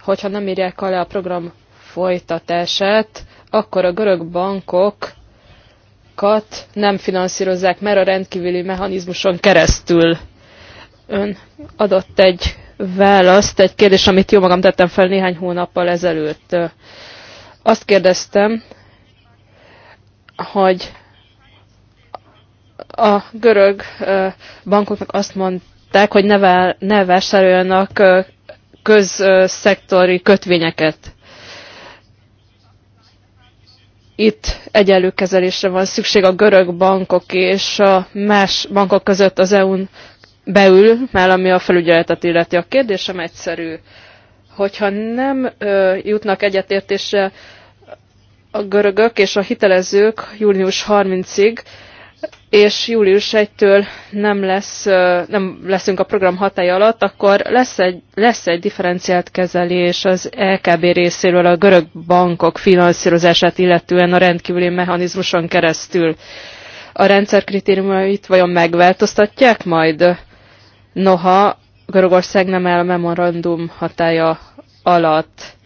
hogyha nem írják alá a program folytatását, akkor a görög bankok nem finanszírozzák, mert a rendkívüli mechanizmuson keresztül. Ön adott egy választ, egy kérdés, amit jó magam tettem fel néhány hónappal ezelőtt. Azt kérdeztem, hogy a görög bankoknak azt mondták, hogy ne, vásároljanak közszektori kötvényeket. Itt egyenlő kezelésre van szükség a görög bankok és a más bankok között az EU-n beül, mert ami a felügyeletet illeti. A kérdésem egyszerű, hogyha nem ö, jutnak egyetértésre a görögök és a hitelezők június 30-ig, és július 1-től nem, lesz, nem leszünk a program hatája alatt, akkor lesz egy, lesz egy differenciált kezelés az LKB részéről a görög bankok finanszírozását illetően a rendkívüli mechanizmuson keresztül. A rendszer kritériumait vajon megváltoztatják majd? Noha Görögország nem áll a memorandum hatája alatt.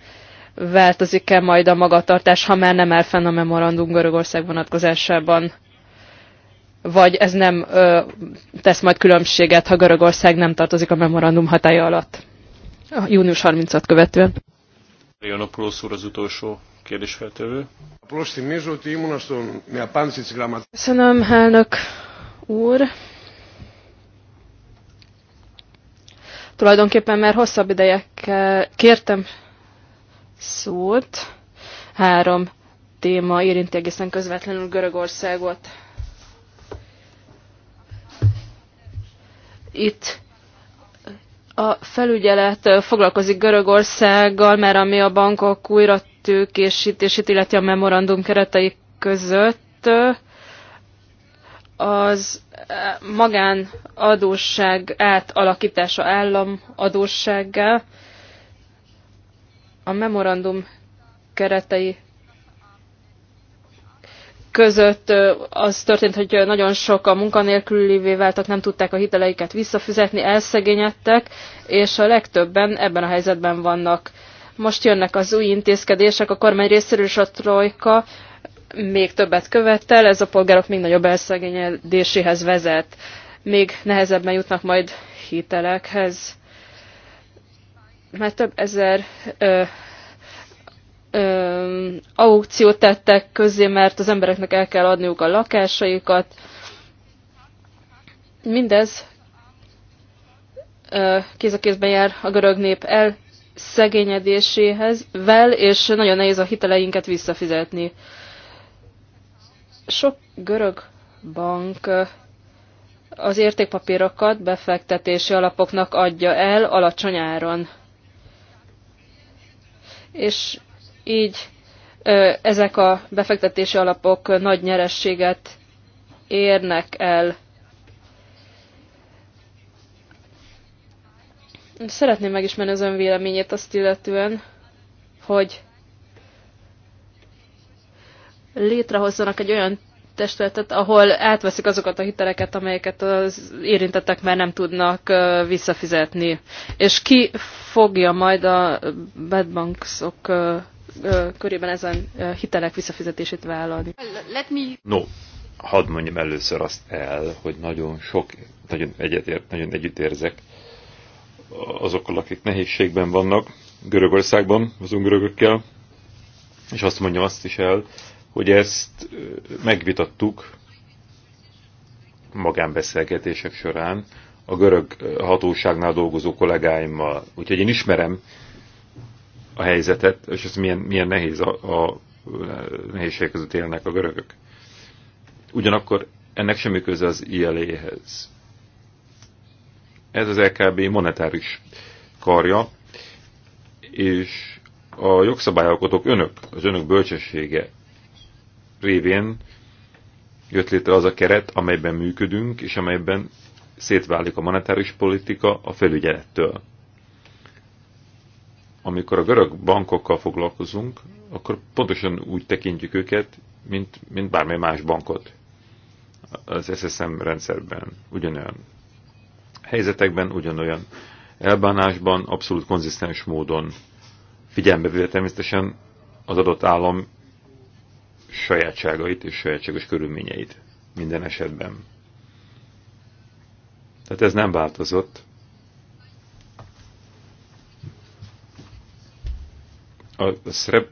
Változik-e majd a magatartás, ha már nem el fenn a memorandum Görögország vonatkozásában? Vagy ez nem ö, tesz majd különbséget, ha Görögország nem tartozik a memorandum hatája alatt? A június 30-at követően. Janopoulos úr az utolsó kérdésfeltevő. Köszönöm, elnök úr. Tulajdonképpen már hosszabb ideje kértem szót. Három téma érinti egészen közvetlenül Görögországot. Itt a felügyelet foglalkozik Görögországgal, mert ami a bankok újra tőkésítését, illeti a memorandum keretei között, az eh, magánadósság átalakítása államadóssággal. a memorandum keretei között eh, az történt, hogy nagyon sok a munkanélkülivé váltak, nem tudták a hiteleiket visszafizetni, elszegényedtek, és a legtöbben ebben a helyzetben vannak. Most jönnek az új intézkedések, a kormány részéről is a trojka, még többet követel, ez a polgárok még nagyobb elszegényedéséhez vezet. Még nehezebben jutnak majd hitelekhez. Mert több ezer ö, ö, aukciót tettek közé, mert az embereknek el kell adniuk a lakásaikat. Mindez ö, kéz a kézben jár a görög nép el szegényedéséhez, vel, és nagyon nehéz a hiteleinket visszafizetni. Sok görög bank az értékpapírokat befektetési alapoknak adja el alacsony áron. És így ezek a befektetési alapok nagy nyerességet érnek el. Szeretném megismerni az ön véleményét azt illetően, hogy létrehozzanak egy olyan testületet, ahol átveszik azokat a hiteleket, amelyeket az érintettek már nem tudnak visszafizetni. És ki fogja majd a bad banksok körében ezen hitelek visszafizetését vállalni? No, hadd mondjam először azt el, hogy nagyon sok, nagyon, egyetért, nagyon együttérzek azokkal, akik nehézségben vannak Görögországban, azon görögökkel, és azt mondjam azt is el, hogy ezt megvitattuk magánbeszélgetések során a görög hatóságnál dolgozó kollégáimmal. Úgyhogy én ismerem a helyzetet, és ez milyen, milyen nehéz a, a nehézség között élnek a görögök. Ugyanakkor ennek semmi köze az ILA-hez. Ez az LKB monetáris karja, és a jogszabályalkotók önök, az önök bölcsessége révén jött létre az a keret, amelyben működünk, és amelyben szétválik a monetáris politika a felügyelettől. Amikor a görög bankokkal foglalkozunk, akkor pontosan úgy tekintjük őket, mint, mint bármely más bankot az SSM rendszerben. Ugyanolyan helyzetekben, ugyanolyan elbánásban, abszolút konzisztens módon figyelembe véve természetesen az adott állam sajátságait és sajátságos körülményeit minden esetben. Tehát ez nem változott. A SREP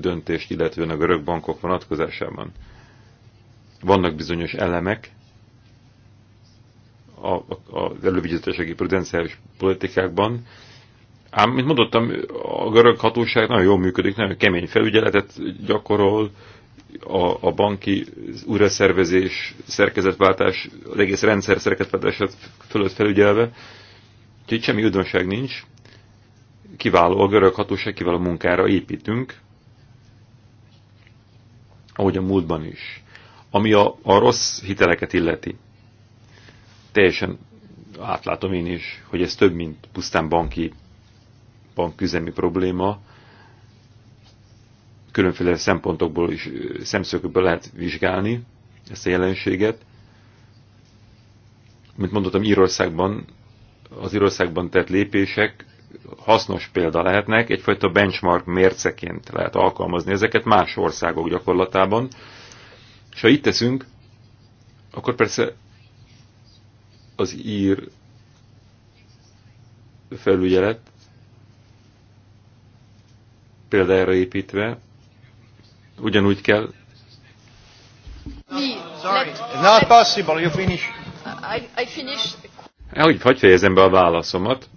döntést, illetve a görög bankok vonatkozásában vannak bizonyos elemek a, a, az elővigyeltetési prudenciális politikákban, ám, mint mondottam, a görög hatóság nagyon jól működik, nagyon kemény felügyeletet gyakorol, a, a banki újraszervezés, szerkezetváltás, az egész rendszer szerkezetváltását fölött felügyelve. Úgyhogy semmi üdvönség nincs. Kiváló a görög hatóság, kiváló munkára építünk, ahogy a múltban is. Ami a, a rossz hiteleket illeti, teljesen átlátom én is, hogy ez több, mint pusztán banki banküzemi probléma, különféle szempontokból is, szemszögből lehet vizsgálni ezt a jelenséget. Mint mondottam, Írországban, az Írországban tett lépések hasznos példa lehetnek, egyfajta benchmark mérceként lehet alkalmazni ezeket más országok gyakorlatában. És ha itt teszünk, akkor persze az ír felügyelet példára építve ugyanúgy kell. not possible, you finish. I, I finish. Hogy, hogy fejezem be a válaszomat?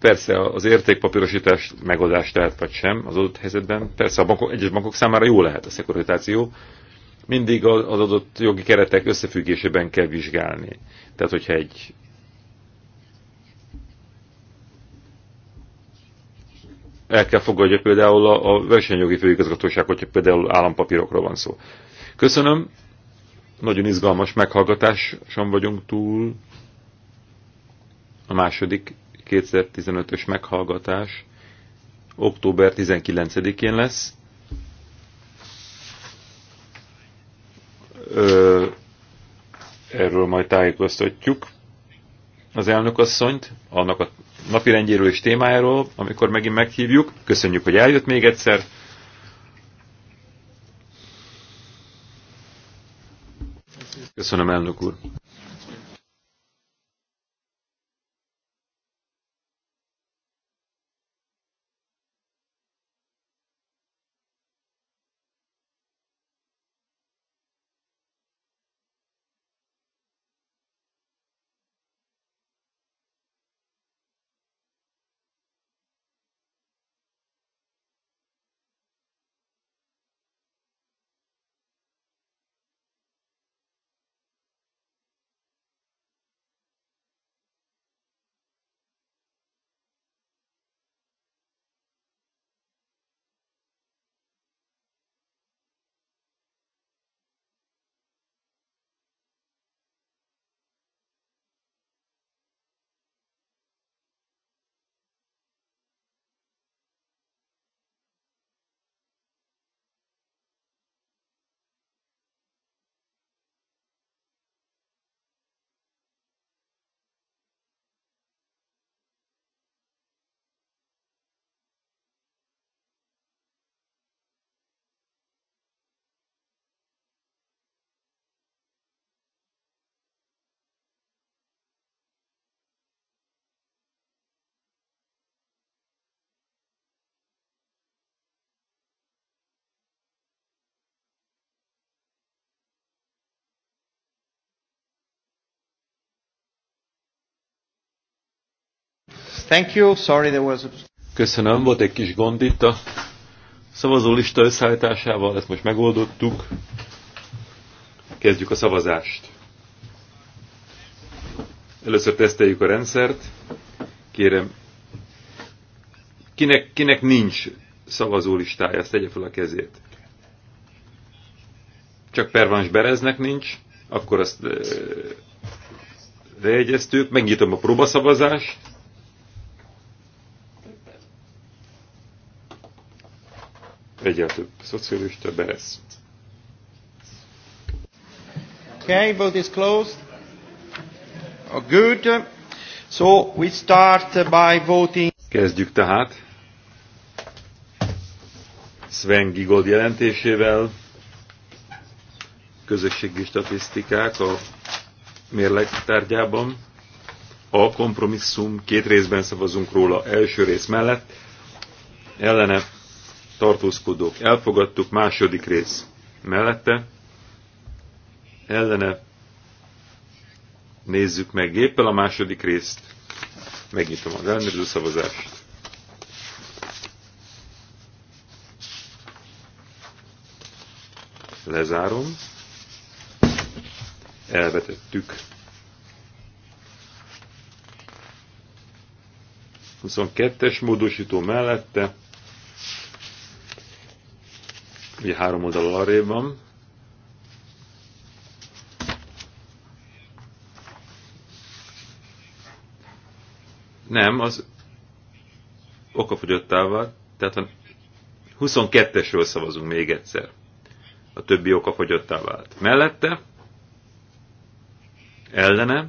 Persze az értékpapírosítás megoldást lehet vagy sem az adott helyzetben. Persze a bankok, egyes bankok számára jó lehet a szekuritáció, mindig az adott jogi keretek összefüggésében kell vizsgálni. Tehát, hogyha egy el kell fogadja például a, a versenyjogi főigazgatóság, hogyha például állampapírokról van szó. Köszönöm, nagyon izgalmas meghallgatáson vagyunk túl. A második 2015-ös meghallgatás október 19-én lesz. Ö, erről majd tájékoztatjuk az elnökasszonyt, annak a napirendjéről és témájáról, amikor megint meghívjuk. Köszönjük, hogy eljött még egyszer. Köszönöm, elnök úr. Thank you. Sorry, there was... Köszönöm, volt egy kis gond itt a lista összeállításával, ezt most megoldottuk. Kezdjük a szavazást. Először teszteljük a rendszert. Kérem, kinek, kinek nincs listája, ezt tegye fel a kezét. Csak Pervans Bereznek nincs, akkor azt lejegyeztük, eh, megnyitom a próbaszavazást. egyre több szocialista, Beresz. Okay, vote is closed. Oh, good. So we start by voting. Kezdjük tehát Sven Gigold jelentésével közösségi statisztikák a mérleg tárgyában. A kompromisszum, két részben szavazunk róla, első rész mellett, ellene tartózkodók elfogadtuk, második rész mellette, ellene nézzük meg géppel a második részt, megnyitom az elmérző szavazást. Lezárom, elvetettük. 22-es módosító mellette ugye három oldal arrébb van. Nem, az okafogyottával, vált, tehát van 22-esről szavazunk még egyszer. A többi okafogyottá vált. Mellette, ellene,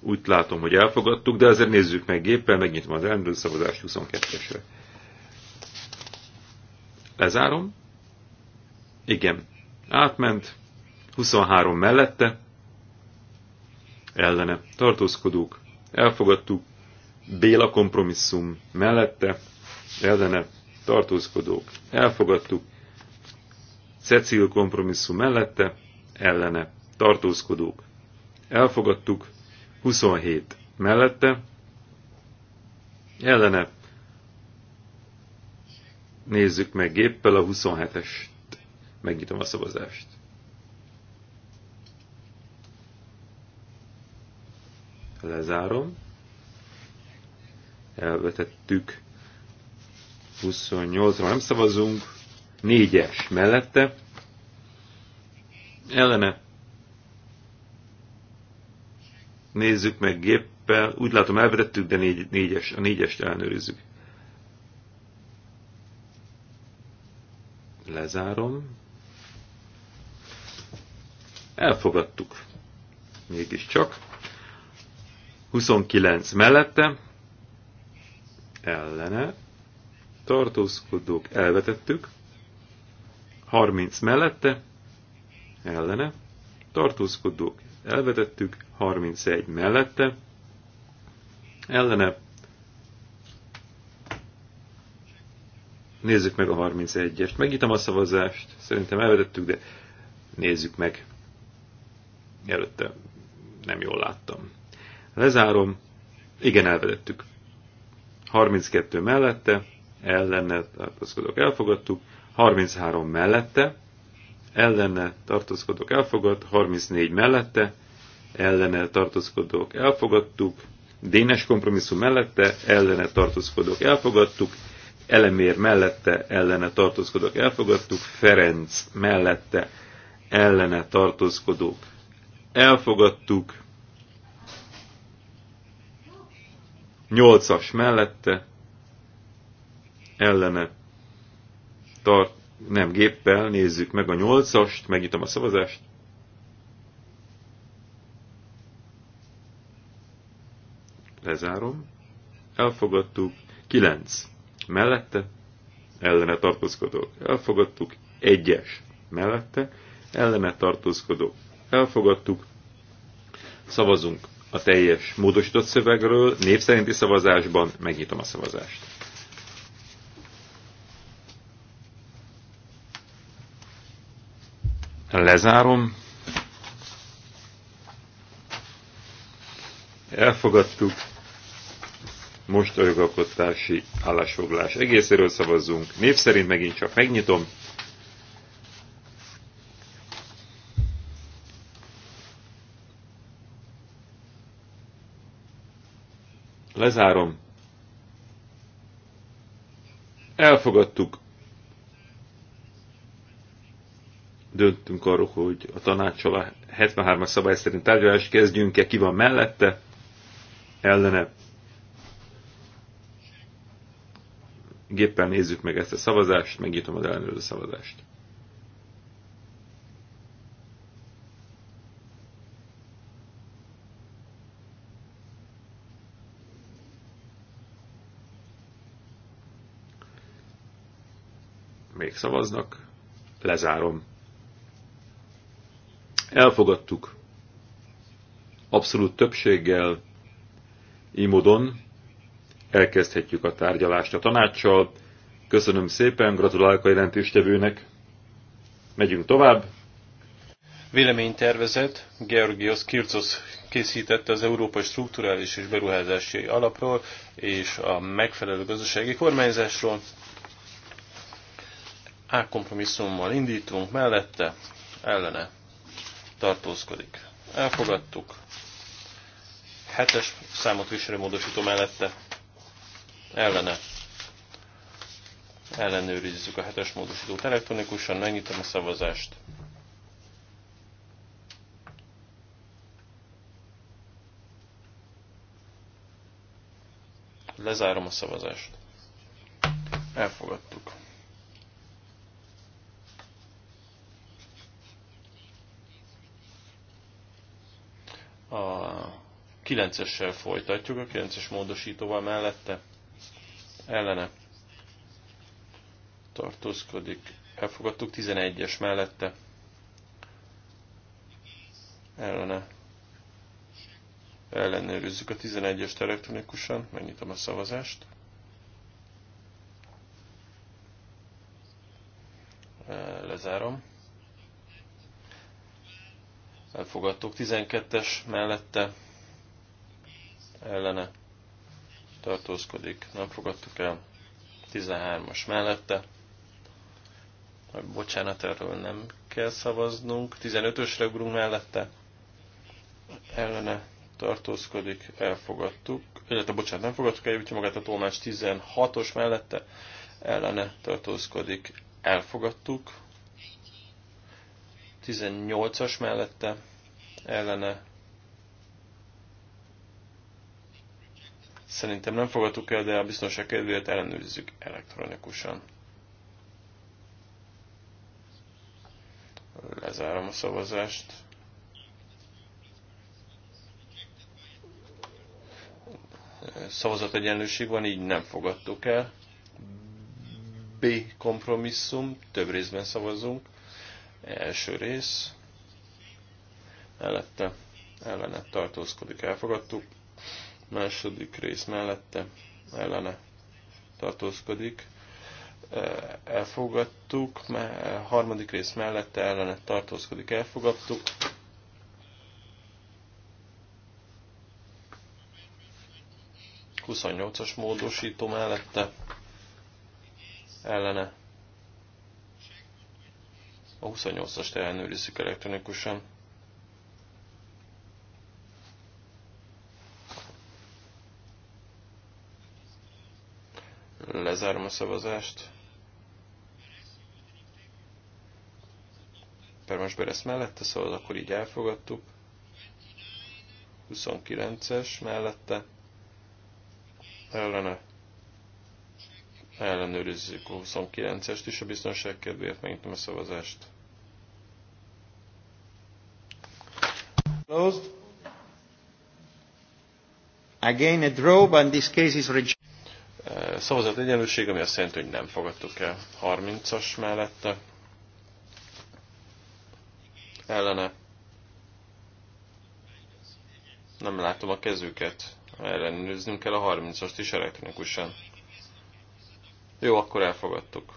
úgy látom, hogy elfogadtuk, de azért nézzük meg géppel, megnyitom az ellenőrző szavazást 22-esre. Lezárom. Igen. Átment. 23 mellette. Ellene. Tartózkodók. Elfogadtuk. Béla kompromisszum mellette. Ellene. Tartózkodók. Elfogadtuk. Cecil kompromisszum mellette. Ellene. Tartózkodók. Elfogadtuk. 27 mellette. Ellene Nézzük meg géppel a 27-est. Megnyitom a szavazást. Lezárom. Elvetettük. 28-ra nem szavazunk. 4-es mellette. Ellene. Nézzük meg géppel. Úgy látom elvetettük, de 4-es. Négy, négyes, a 4-est ellenőrizzük. Lezárom. Elfogadtuk. Mégiscsak. 29 mellette. Ellene. Tartózkodók elvetettük. 30 mellette. Ellene. Tartózkodók elvetettük. 31 mellette. Ellene Nézzük meg a 31-est. Megnyitom a szavazást. Szerintem elvetettük, de nézzük meg. Előtte nem jól láttam. Lezárom. Igen, elvetettük. 32 mellette, ellenne tartózkodok, elfogadtuk. 33 mellette, ellenne tartózkodok, elfogadt. 34 mellette, ellene tartózkodok, elfogadtuk, dénes kompromisszum mellette ellene tartózkodók elfogadtuk, elemér mellette ellene tartózkodók elfogadtuk, Ferenc mellette ellene tartózkodók elfogadtuk, nyolcas mellette ellene tart, nem géppel, nézzük meg a nyolcast, megnyitom a szavazást, lezárom, elfogadtuk, 9 mellette, ellene tartózkodók elfogadtuk, egyes mellette, ellene tartózkodók elfogadtuk. Szavazunk a teljes módosított szövegről, név szerinti szavazásban megnyitom a szavazást. Lezárom. Elfogadtuk most örökalkotási állásfoglalás egészéről szavazzunk. Név szerint megint csak megnyitom. Lezárom. Elfogadtuk. Döntünk arról, hogy a tanácsolás a 73-as szabály szerint tárgyalást kezdjünk-e, ki van mellette, ellene Géppel nézzük meg ezt a szavazást, megnyitom az ellenőrző szavazást. Még szavaznak, lezárom. Elfogadtuk. Abszolút többséggel, így módon elkezdhetjük a tárgyalást a tanácssal. Köszönöm szépen, gratulálok a jelentéstevőnek. Megyünk tovább. Véleménytervezet Georgios Kircos készítette az Európai Strukturális és Beruházási Alapról és a megfelelő gazdasági kormányzásról. A kompromisszummal indítunk, mellette ellene tartózkodik. Elfogadtuk. Hetes számot viselő módosító mellette ellene. Ellenőrizzük a hetes módosítót elektronikusan, megnyitom a szavazást. Lezárom a szavazást. Elfogadtuk. A 9-essel folytatjuk, a 9-es módosítóval mellette ellene tartózkodik. Elfogadtuk 11-es mellette ellene. Ellenőrizzük a 11-est elektronikusan, megnyitom a szavazást. Lezárom. Elfogadtuk 12-es mellette ellene tartózkodik, nem fogadtuk el. 13-as mellette. Bocsánat, erről nem kell szavaznunk. 15-ösre ugrunk mellette. Ellene tartózkodik, elfogadtuk. a bocsánat, nem fogadtuk el, úgyhogy magát a tolmács 16-os mellette. Ellene tartózkodik, elfogadtuk. 18-as mellette ellene Szerintem nem fogadtuk el, de a biztonság kedvéért ellenőrizzük elektronikusan. Lezárom a szavazást. egyenlőség van, így nem fogadtuk el. B kompromisszum, több részben szavazunk. Első rész, mellette ellenet tartózkodik, elfogadtuk Második rész mellette ellene tartózkodik. E, elfogadtuk. Harmadik rész mellette ellene tartózkodik. Elfogadtuk. as módosító mellette ellene a 28 as ellenőrizzük elektronikusan. Lezárom a szavazást. Permes Beresz mellette szavaz, akkor így elfogadtuk. 29-es mellette. Ellene. Ellenőrizzük a 29-est is a biztonság kedvéért. Megnyitom a szavazást. Closed. Again a draw, but in this case is rejected. Eh, szavazat egyenlőség, ami azt jelenti, hogy nem fogadtuk el 30-as mellette. Ellene. Nem látom a kezüket. Ellenőznünk kell a 30-ast is elektronikusan. Jó, akkor elfogadtuk.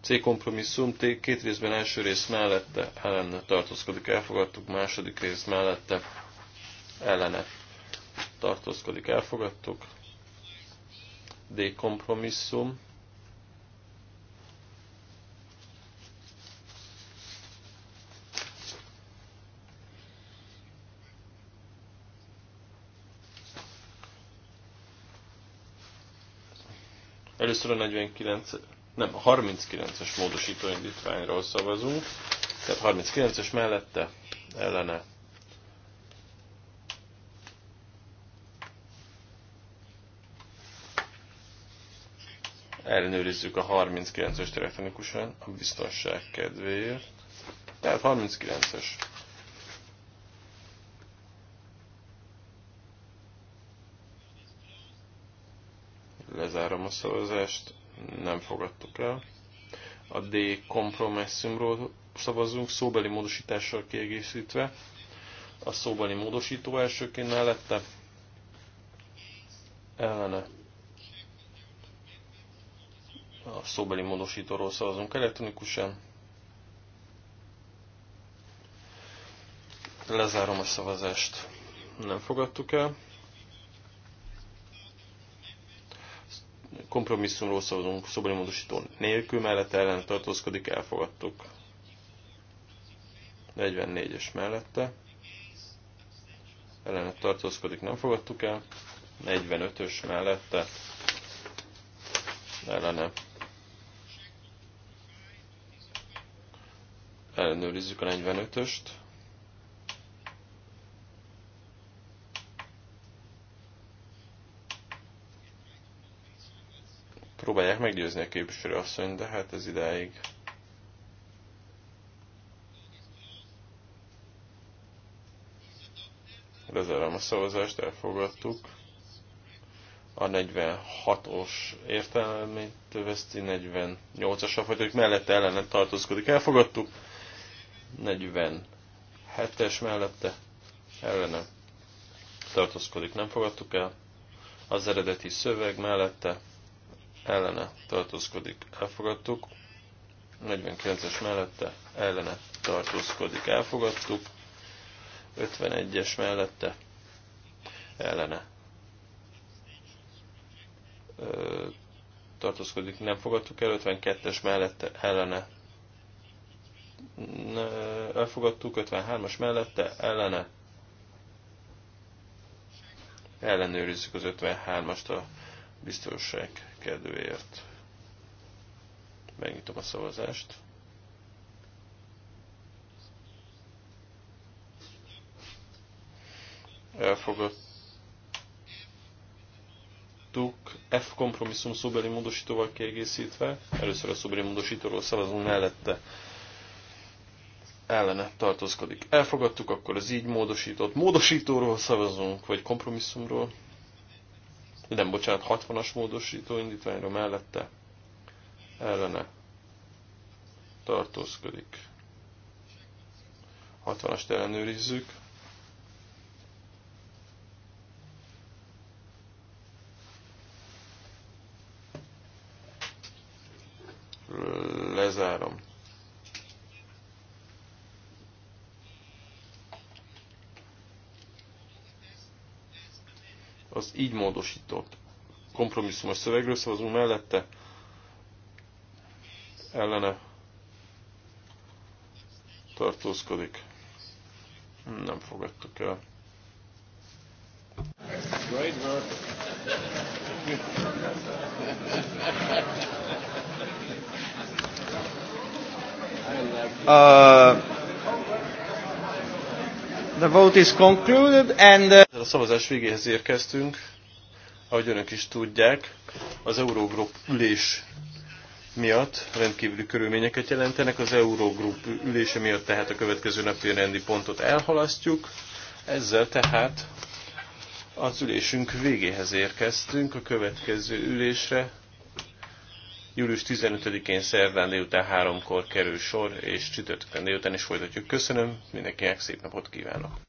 C kompromisszum T két részben első rész mellette ellene tartózkodik, elfogadtuk második rész mellette ellene tartózkodik, elfogadtuk. D kompromisszum. Először a 49, nem, a 39-es módosítóindítványról szavazunk, tehát 39-es mellette ellene ellenőrizzük a 39-ös telefonikusan a biztonság kedvéért. Tehát 39-es. Lezárom a szavazást, nem fogadtuk el. A D kompromisszumról szavazunk, szóbeli módosítással kiegészítve. A szóbeli módosító elsőként mellette ellene a szóbeli módosítóról szavazunk elektronikusan. Lezárom a szavazást. Nem fogadtuk el. Kompromisszumról szavazunk szóbeli módosító nélkül, mellett ellen tartózkodik, elfogadtuk. 44-es mellette. Ellenet tartózkodik, nem fogadtuk el. 45-ös mellette. Ellene ellenőrizzük a 45-öst. Próbálják meggyőzni a képviselő asszony, de hát ez idáig. Lezárom a szavazást, elfogadtuk. A 46-os értelmét veszti, 48-asra folytatjuk, mellette ellenet tartózkodik, elfogadtuk. 47-es mellette ellene tartozkodik, nem fogadtuk el. Az eredeti szöveg mellette ellene tartózkodik, elfogadtuk. 49-es mellette ellene tartózkodik, elfogadtuk. 51-es mellette ellene tartózkodik, nem fogadtuk el. 52-es mellette ellene elfogadtuk, 53-as mellette ellene. Ellenőrizzük az 53-ast a biztonság kedvéért. Megnyitom a szavazást. Elfogadtuk F kompromisszum szóbeli módosítóval kiegészítve. Először a szóbeli módosítóról szavazunk mellette ellene tartózkodik. Elfogadtuk, akkor az így módosított módosítóról szavazunk, vagy kompromisszumról. Nem, bocsánat, 60-as módosító indítványról mellette ellene tartózkodik. 60-ast ellenőrizzük. az így módosított kompromisszumos szövegről szavazunk mellette, ellene tartózkodik. Nem fogadtuk el. Great work. Uh, the vote is concluded and uh... A szavazás végéhez érkeztünk, ahogy önök is tudják, az Eurogrup ülés miatt rendkívüli körülményeket jelentenek. Az Eurogrup ülése miatt tehát a következő napi rendi pontot elhalasztjuk. Ezzel tehát az ülésünk végéhez érkeztünk a következő ülésre. Július 15-én szerdán délután háromkor kerül sor, és csütörtökön délután is folytatjuk. Köszönöm, mindenkinek szép napot kívánok!